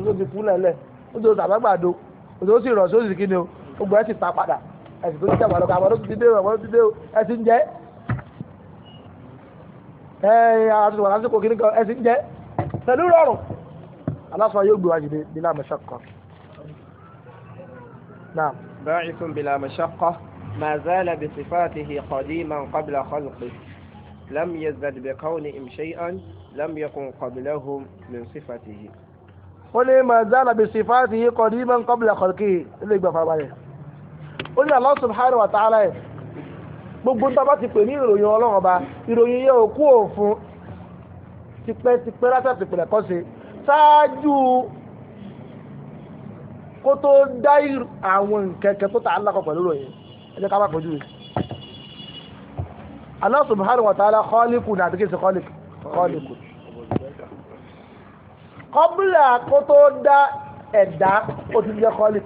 òtún tó ti kú lẹ́lẹ̀ nítorí tàbágbàdo òtún sì rọ̀ sóòsì kí ni o gbogbo ẹ̀ sì ta ẹ̀sìn tó ti tẹ̀wá lọ́kọ̀ àwọn ọdún ti dé àwọn ọdún ti dé ẹ̀sìn ń jẹ́ ẹ̀yìn àtúntò wọn lásìkò kìíní kan ẹ̀sìn ń jẹ́ pẹ̀lú rọrùn aláṣọ yóò gbé wájú bí lámẹ̀ṣẹ̀ kan. نعم بلا مشقة ما زال بصفاته قديما قبل خلقه لم يزد بكونهم شيئا لم يكن قبلهم من صفته ó ní ma zala bi sifatihi qadiman qabla khalqihi ilé ìgbà farabalẹ̀ ó ní Allah subhanahu wa ta'ala yẹ gbogbo ń tábà ti pè ní ìròyìn ọlọ́run ọba ìròyìn yẹ òkú òfun tipẹ́ tipẹ́ látà ti pèlẹ̀ kọ́ sí ṣáájú kó tó dá àwọn nkẹ̀kẹ́ tó ta alákọ̀ pẹ̀lú ròyìn ẹ jẹ́ ká bá pẹ̀lú rẹ̀ Allah subhanahu wa ta'ala khaliqu nàdíkèsí khaliqu khaliqu kọ́bùlà kó tó dá ẹ̀dá ó ti jẹ́ kọ́lì.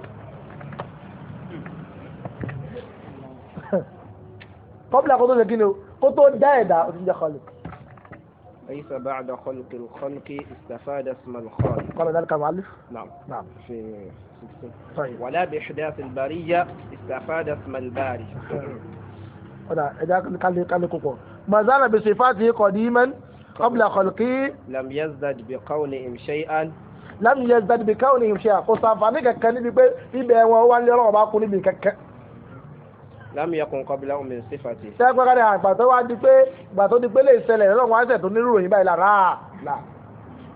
kọ́bùlà kó tó ṣe kí ni kó tó dá ẹ̀dá ó ti jẹ́ kọ́lì. ليس بعد خلق الخلق استفاد اسم الخالق قال ذلك المؤلف نعم نعم في طيب ولا بإحداث البرية استفاد اسم الباري هذا إذا قال لي قال ما زال بصفاته قديما qabla khalqi. lam yazdad bi qawlihim shay'an. lam yazdad bi qawlihim shay'an kò sàǹfààní kankan níbi pé ibẹ̀ wọn wá ní ọlọ́wọ́ bá kú níbi kankan. lam yakun qabla min sifati. ṣé ẹgbẹ́ kárí àgbà tó wá di pé ìgbà tó di pé lè ṣẹlẹ̀ lọ́wọ́ àṣẹ tó nírú òyìnbá ìlà rà là.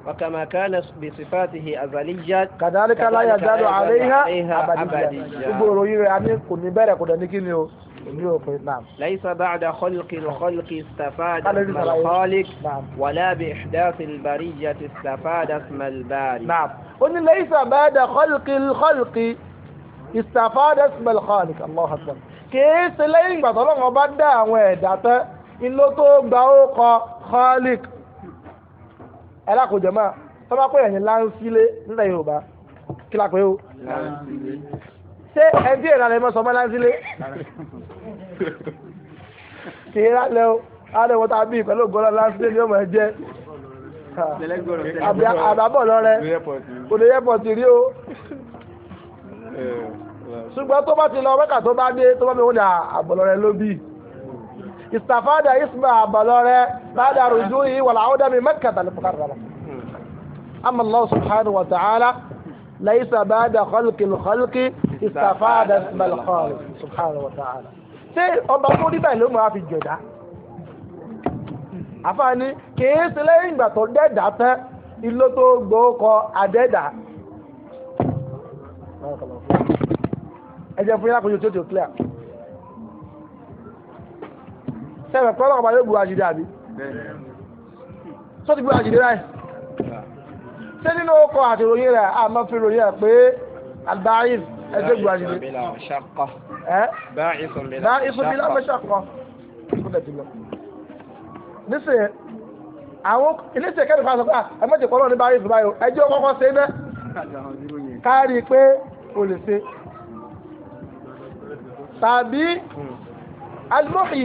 وكما كان بصفاته أزلية كذلك لا يزال عليها أبدية. مليون نعم ليس بعد خلق الخلق استفاد اسم الخالق نعم ولا بإحداث البرية استفاد اسم الباري نعم قل ليس بعد خلق الخلق استفاد اسم الخالق الله أكبر kìí ṣe lẹ́yìn ìgbà tọ́lọ́run bá dá àwọn ẹ̀dá tán ilé tó gba ó kọ khalik ẹlákòjọ́mọ́ tó bá pè é ní láńsílé nílẹ̀ yorùbá kí lápẹ́ o ṣé ẹni tí èèyàn rẹ̀ mọ́ sọmọ́ láńsílé kì í rálẹ̀ o rálẹ̀ wọ́n tàbí pẹ̀lú ògbọ́nà lásìlẹ̀ ni ó máa jẹ́ àbábọ̀ lọ́rẹ́ òde yẹ́pọ̀ ti rí o ṣùgbọ́n tó bá ti lọ mẹ́kà tó bá dé tó bá mi wọ́n ní àbọ̀lọ́rẹ́ ló bí ìsàfádà isma àbọ̀lọ́rẹ́ bada rujui wal auda min Makkah al-mukarrama amma Allah subhanahu wa ta'ala laysa bada khalqil khalqi استفاد اسم الخالق سبحانه وتعالى ṣé ọba tó rí báyìí ló máa fi jẹ̀dá àfààní kìí ṣe lẹ́yìn ìgbà tó dẹ́dà tẹ́ ìlò tó gbóòkọ àdẹ́dà ẹ jẹ́ fún yín lápòjù tó tó clear sẹ́fẹ̀ kọ́ lọ́kọ̀ bá yóò gbúra jìdí àbí sọ ti gbúra jìdí ráì ṣé nínú ọkọ̀ àti ìròyìn rẹ̀ àmọ́ fi ìròyìn rẹ̀ pé àgbáyé ẹsẹ̀ gba ni. báyìí sọ mi lámà ṣàkọ. nísìnyí àwọn iléeṣẹ́ kẹ́rin kan sọ pé ẹ mọ̀ jẹ́ kọ́lọ́ ní báyìí fún báyìí ẹjọ́ kọ́kọ́ ṣe ná kárí pé o lè ṣe tàbí alimọ́hì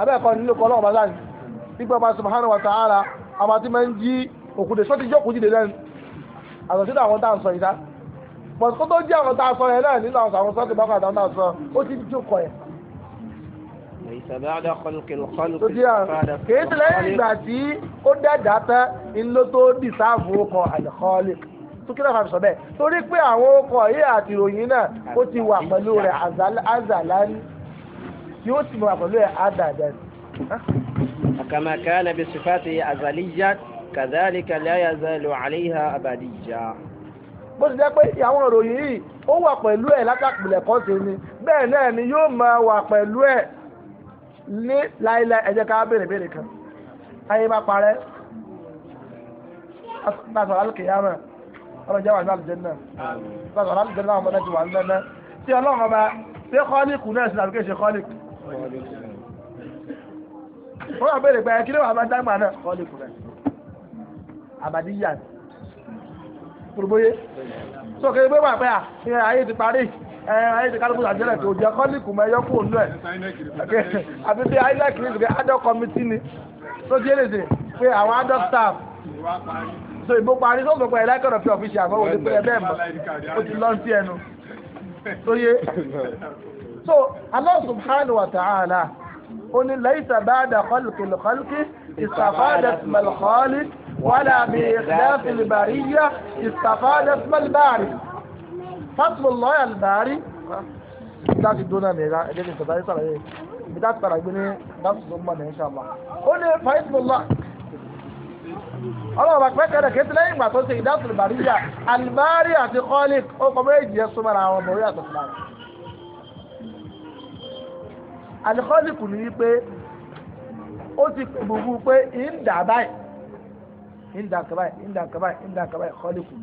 abẹ́ẹ̀kọ́ nílò kọ́ lọ́wọ́ bàtà nígbà bá subhanahu wa ta'ala àmàtí máa ń jí òkúde sọ́tí jọ́kùú jìde lẹ́nu àtọ̀sídà àwọn tá à ń sọ ìdá bọ̀ tó tó jẹ́ àwọn tá a sọ yẹn náà nínú àwọn àwọn sọ́ọ̀tì bákan àdáwọn tá a sọ ó ti jókòó yẹn. kìí ti lẹ́yìn ìgbà tí ó dẹ̀dá tẹ́ ńlọ tó dì sáàfù ọkọ̀ àlùkọ́ọ́lì tó kí náà fà sọ bẹ́ẹ̀ torí pé àwọn ọkọ̀ yìí àti ìròyìn náà ó ti wà pẹ̀lú rẹ̀ azàlání tí ó sì wà pẹ̀lú rẹ̀ adàdàn. كما كان بصفاته أزلية كذلك لا يزال عليها bó ti jẹ́ pé àwọn ìròyìn yìí ó wà pẹ̀lú ẹ̀ látàpìlẹ̀ kan sí ni bẹ́ẹ̀ náà ni yóò máa wà pẹ̀lú ẹ̀ ní láíláí ẹ jẹ́ ká béèrè béèrè kan ayé bá parẹ́ bàtà alùkìyàmà ọlọ́run jẹ́ wà ní àlùjẹ́nà bàtà alùjẹ́nà àwọn ọmọdé ti wà nínú ẹ̀ tí ọlọ́run ọba ṣé kọ́líkù náà sí àbíkẹ́ ṣe kọ́líkù wọ́n wà béèrè pé kí ló wà máa dágbà náà kọ́líkù náà àbàdíyà ni tòlóbóyé so kí gbé wà pé à ayé ti parí ayé ti kálukú àjẹlẹ tó jẹ kọ́líkù mọ ẹyọ kúrò nílẹ̀ àti bí isaac ní ìsìnkú adult committee ni tó ti èrè sè pé àwọn adult staff so ìbò parí tó gbogbo ẹ̀rọ ẹ̀kọ́ fi ọ̀fíìsì àgbọ̀ wọlé pé ẹbẹ́ mọ̀ ó ti lọ sí ẹnu tó yé so Allah subhanahu wa ta'ala ó ní laysa ba'da khalqil khalqi istafada mal khaliq. ولا بإخلاف البارية استفاد اسم الباري فضل الله الباري بتاعت الدنيا ميغا na انت بقى يطلع ايه بتاعت تراجبني نفس ضمن ان شاء الله قول لي فاسم الله ọlọ́run bá pẹ́kẹ́ rẹ̀ kéde lẹ́yìn ìgbà tó ṣe ìdáàtò ìbàríyà alibari àti kọ́lík ó kọ méjì yẹn súnmọ́ ara àwọn ọmọwé àtọ̀ fúnra ti pè gbogbo pe ń dà ìdá kaba ìdá kaba ìdá kaba ìkọ́lẹ́kù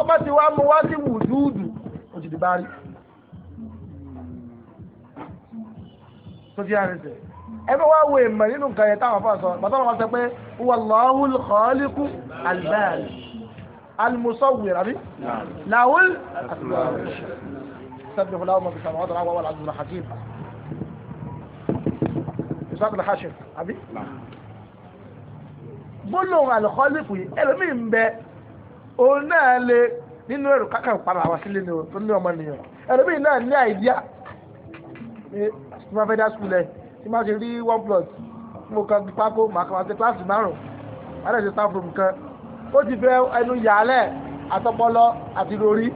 ọba tí wàá mú wá sí wùdúùdù òjìdí bá rí tó ti àárín sẹ ẹ bá wá wo ìmọ̀ nínú nǹkan yẹn táwọn afọ́ sọ bàtà wọn sọ pé wallahu al-khaliqu al-bari al-musawwir àbí làwùl سبح له ما في السماوات والارض وهو العزيز الحكيم. يساق الحاشر عبي. نعم gbólóhùn àlùkọ́lìfù yìí ẹlòmíì ń bẹ òun náà lè nínú ẹrù kákà para wá sílé ni tó ní ọmọ nìyẹn ẹlòmíì náà ní àìdíà tí wọ́n fẹ́ dá sùkúl ẹ̀ tí wọ́n ti rí one plus mo kàn di pákó màá kàn wá sí kíláàsì márùn-ún adẹ́sẹ̀ staff room kan ó ti fẹ́ ẹnu yàálẹ̀ àtọpọlọ àti lórí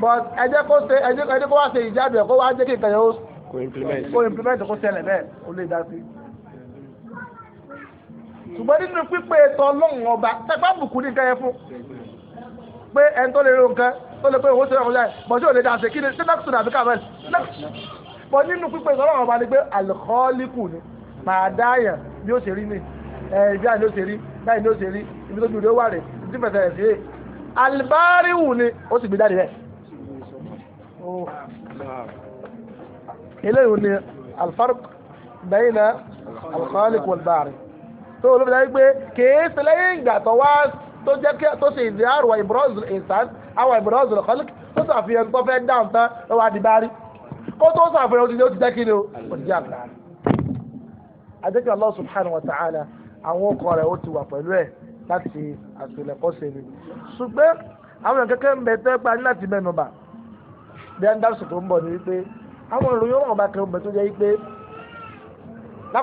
but ẹ jẹ́ kó ṣe ẹ jẹ́ kó wá ṣe ìjáde ẹ̀ kó wá jẹ́ kí nǹkan yẹn ó implement kó ṣẹlẹ̀ bẹ́ẹ̀ ó lè dá sí ṣùgbọ́n nínú pípé ètò ọlọ́run ọba tẹ́gbà bùkún ní kẹ́yẹ fún pé ẹni tó lè ro nǹkan tó lè pé òun ṣe ọ̀rọ̀ yẹn bọ̀ ṣé ò lè dà ṣe kí ni ṣé nọ́ọ̀sì tàbí kábẹ́ẹ̀lì bọ̀ nínú pípé ètò ọlọ́run ọba ni pé àlùkọ́ọ́líkù ni màá dáyàn bí ó ṣe rí ni ẹ̀ẹ́dí àìní ó ṣe rí báyìí ni ó ṣe rí ibi tó dúró wà rè ti fẹsẹ̀ rẹ̀ sí alibáríwù ni ó sì gbé jáde rẹ̀ eléyìí ni alfarq bayna alkhaliq wal bari. so olóbi láyé pé kèé ṣe lẹ́yìn ìgbà tó wá tó jẹ́ kí tó ṣe ìdí àrùwà ìbúrọ́zù ìsàn àwọn ìbúrọ́zù lọ́kọ́lùkì tó ṣàfihàn tó fẹ́ dáhùn tán lọ́wọ́ adìbárí kó tó ṣàfihàn ó ti ó ti ni o ó ti jẹ́ àgbà. adékè Allah subhanahu wa ta'ala àwọn ọkọ rẹ̀ ó ti wà pẹ̀lú ẹ̀ láti àtìlẹ́kọ́sẹ̀ ni ṣùgbọ́n àwọn kẹ́kẹ́ ń bẹ tẹ́ pa láti bí tó ń bọ̀ ni wípé àwọn ìròyìn ń bẹ tó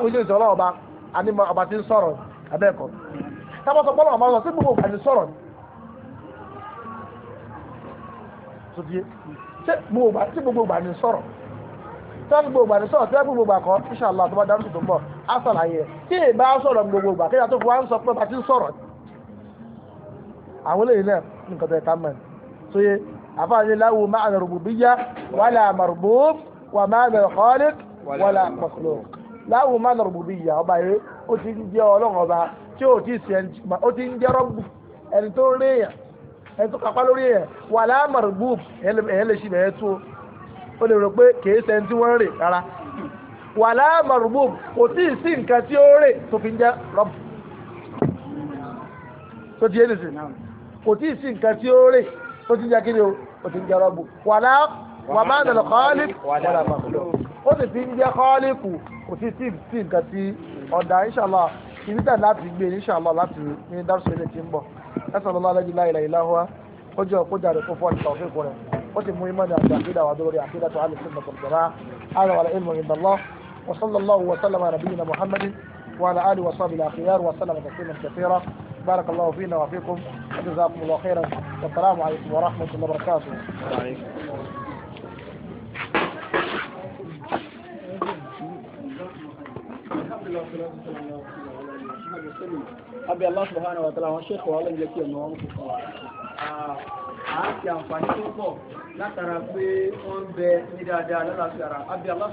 jẹ́ ànímọ̀ ọba tí ń sọ̀rọ̀ abẹ́ẹ̀kọ́ tábọ̀ sọ bọ́lọ̀ ọmọ ọ̀sán sí gbogbo ìgbà ní sọ̀rọ̀ ni sọ́dí ṣé gbogbo ìgbà ní sọ̀rọ̀ tí wọ́n gbogbo ìgbà ní sọ̀rọ̀ tí wọ́n gbogbo ìgbà kọ́ inshallah tó bá dáná tuntun bọ̀ á sàlàyé rẹ̀ tí ì bá sọ̀rọ̀ gbogbo ìgbà kí yàtọ̀ wá ń sọ pé bá ti ń sọ̀rọ̀ àwọn eléyìí náà nǹkan tó yẹ ká mọ̀ tó yẹ àfáàní láwo máa nà rògbòbíyá wàlà àmàrògbòb wà máa nà khaliq wàlà makhluq láwù má lọ rògbòbí ìyá ọba yìí ó ti ń jẹ́ ọlọ́run ọba tí ó ti sẹ́ ó ti ń jẹ́ rọ́gbù ẹni tó rí èèyàn ẹni tó kápá lórí èèyàn wà láàmàrú gbùb ẹ̀yẹ lè ṣe bẹ̀yẹ tó o lè rò pé kìí sẹ́ tí wọ́n rè rárá wà láàmàrú gbùb kò tí ì sí nǹkan tí ó rè tó fi ń jẹ́ rọ́gbù tó ti yé nìsín kò tí ì sí nǹkan tí ó rè tó ti ń jẹ́ kí ni o ó ti ń jẹ́ rọ́gbù wà láà wà má nàlọ́ kọ́ọ́lì ó sì ti ń jẹ́ kọ́ọ́lì kù kò sí tí tí nǹkan tí ọ̀dà inshallah ibi tẹ̀ láti gbé inshallah láti ní dárúṣẹ́lẹ̀ tí ń bọ̀ ẹ̀sán lọ́lá lẹ́yìn láìla ìlàhùwà ó jẹ́ òkúta rẹ̀ kó fọ́ ìtàn òfin kù rẹ̀ ó sì mú ìmọ̀ ní àti àkídà wà lórí àkídà tó alẹ́ sínú kọ̀ọ̀kọ̀rá àrùn àlẹ́ ìmọ̀ ìdàlọ́ وصلى الله وسلم على نبينا محمد وعلى اله وصحبه الاخيار وسلم تسليما كثيرا بارك الله فينا وفيكم جزاكم الله خيرا والسلام عليكم ورحمه الله وبركاته. abẹ́ Allah subhanahu wa ta'ala àwọn ṣẹ́kọ̀ wa lẹ́yìn jẹ́kí ọ̀nà wọn kò kọ́ à ń ṣe àǹfààní tó pọ̀ látara pé wọ́n bẹ ní dáadáa lọ́la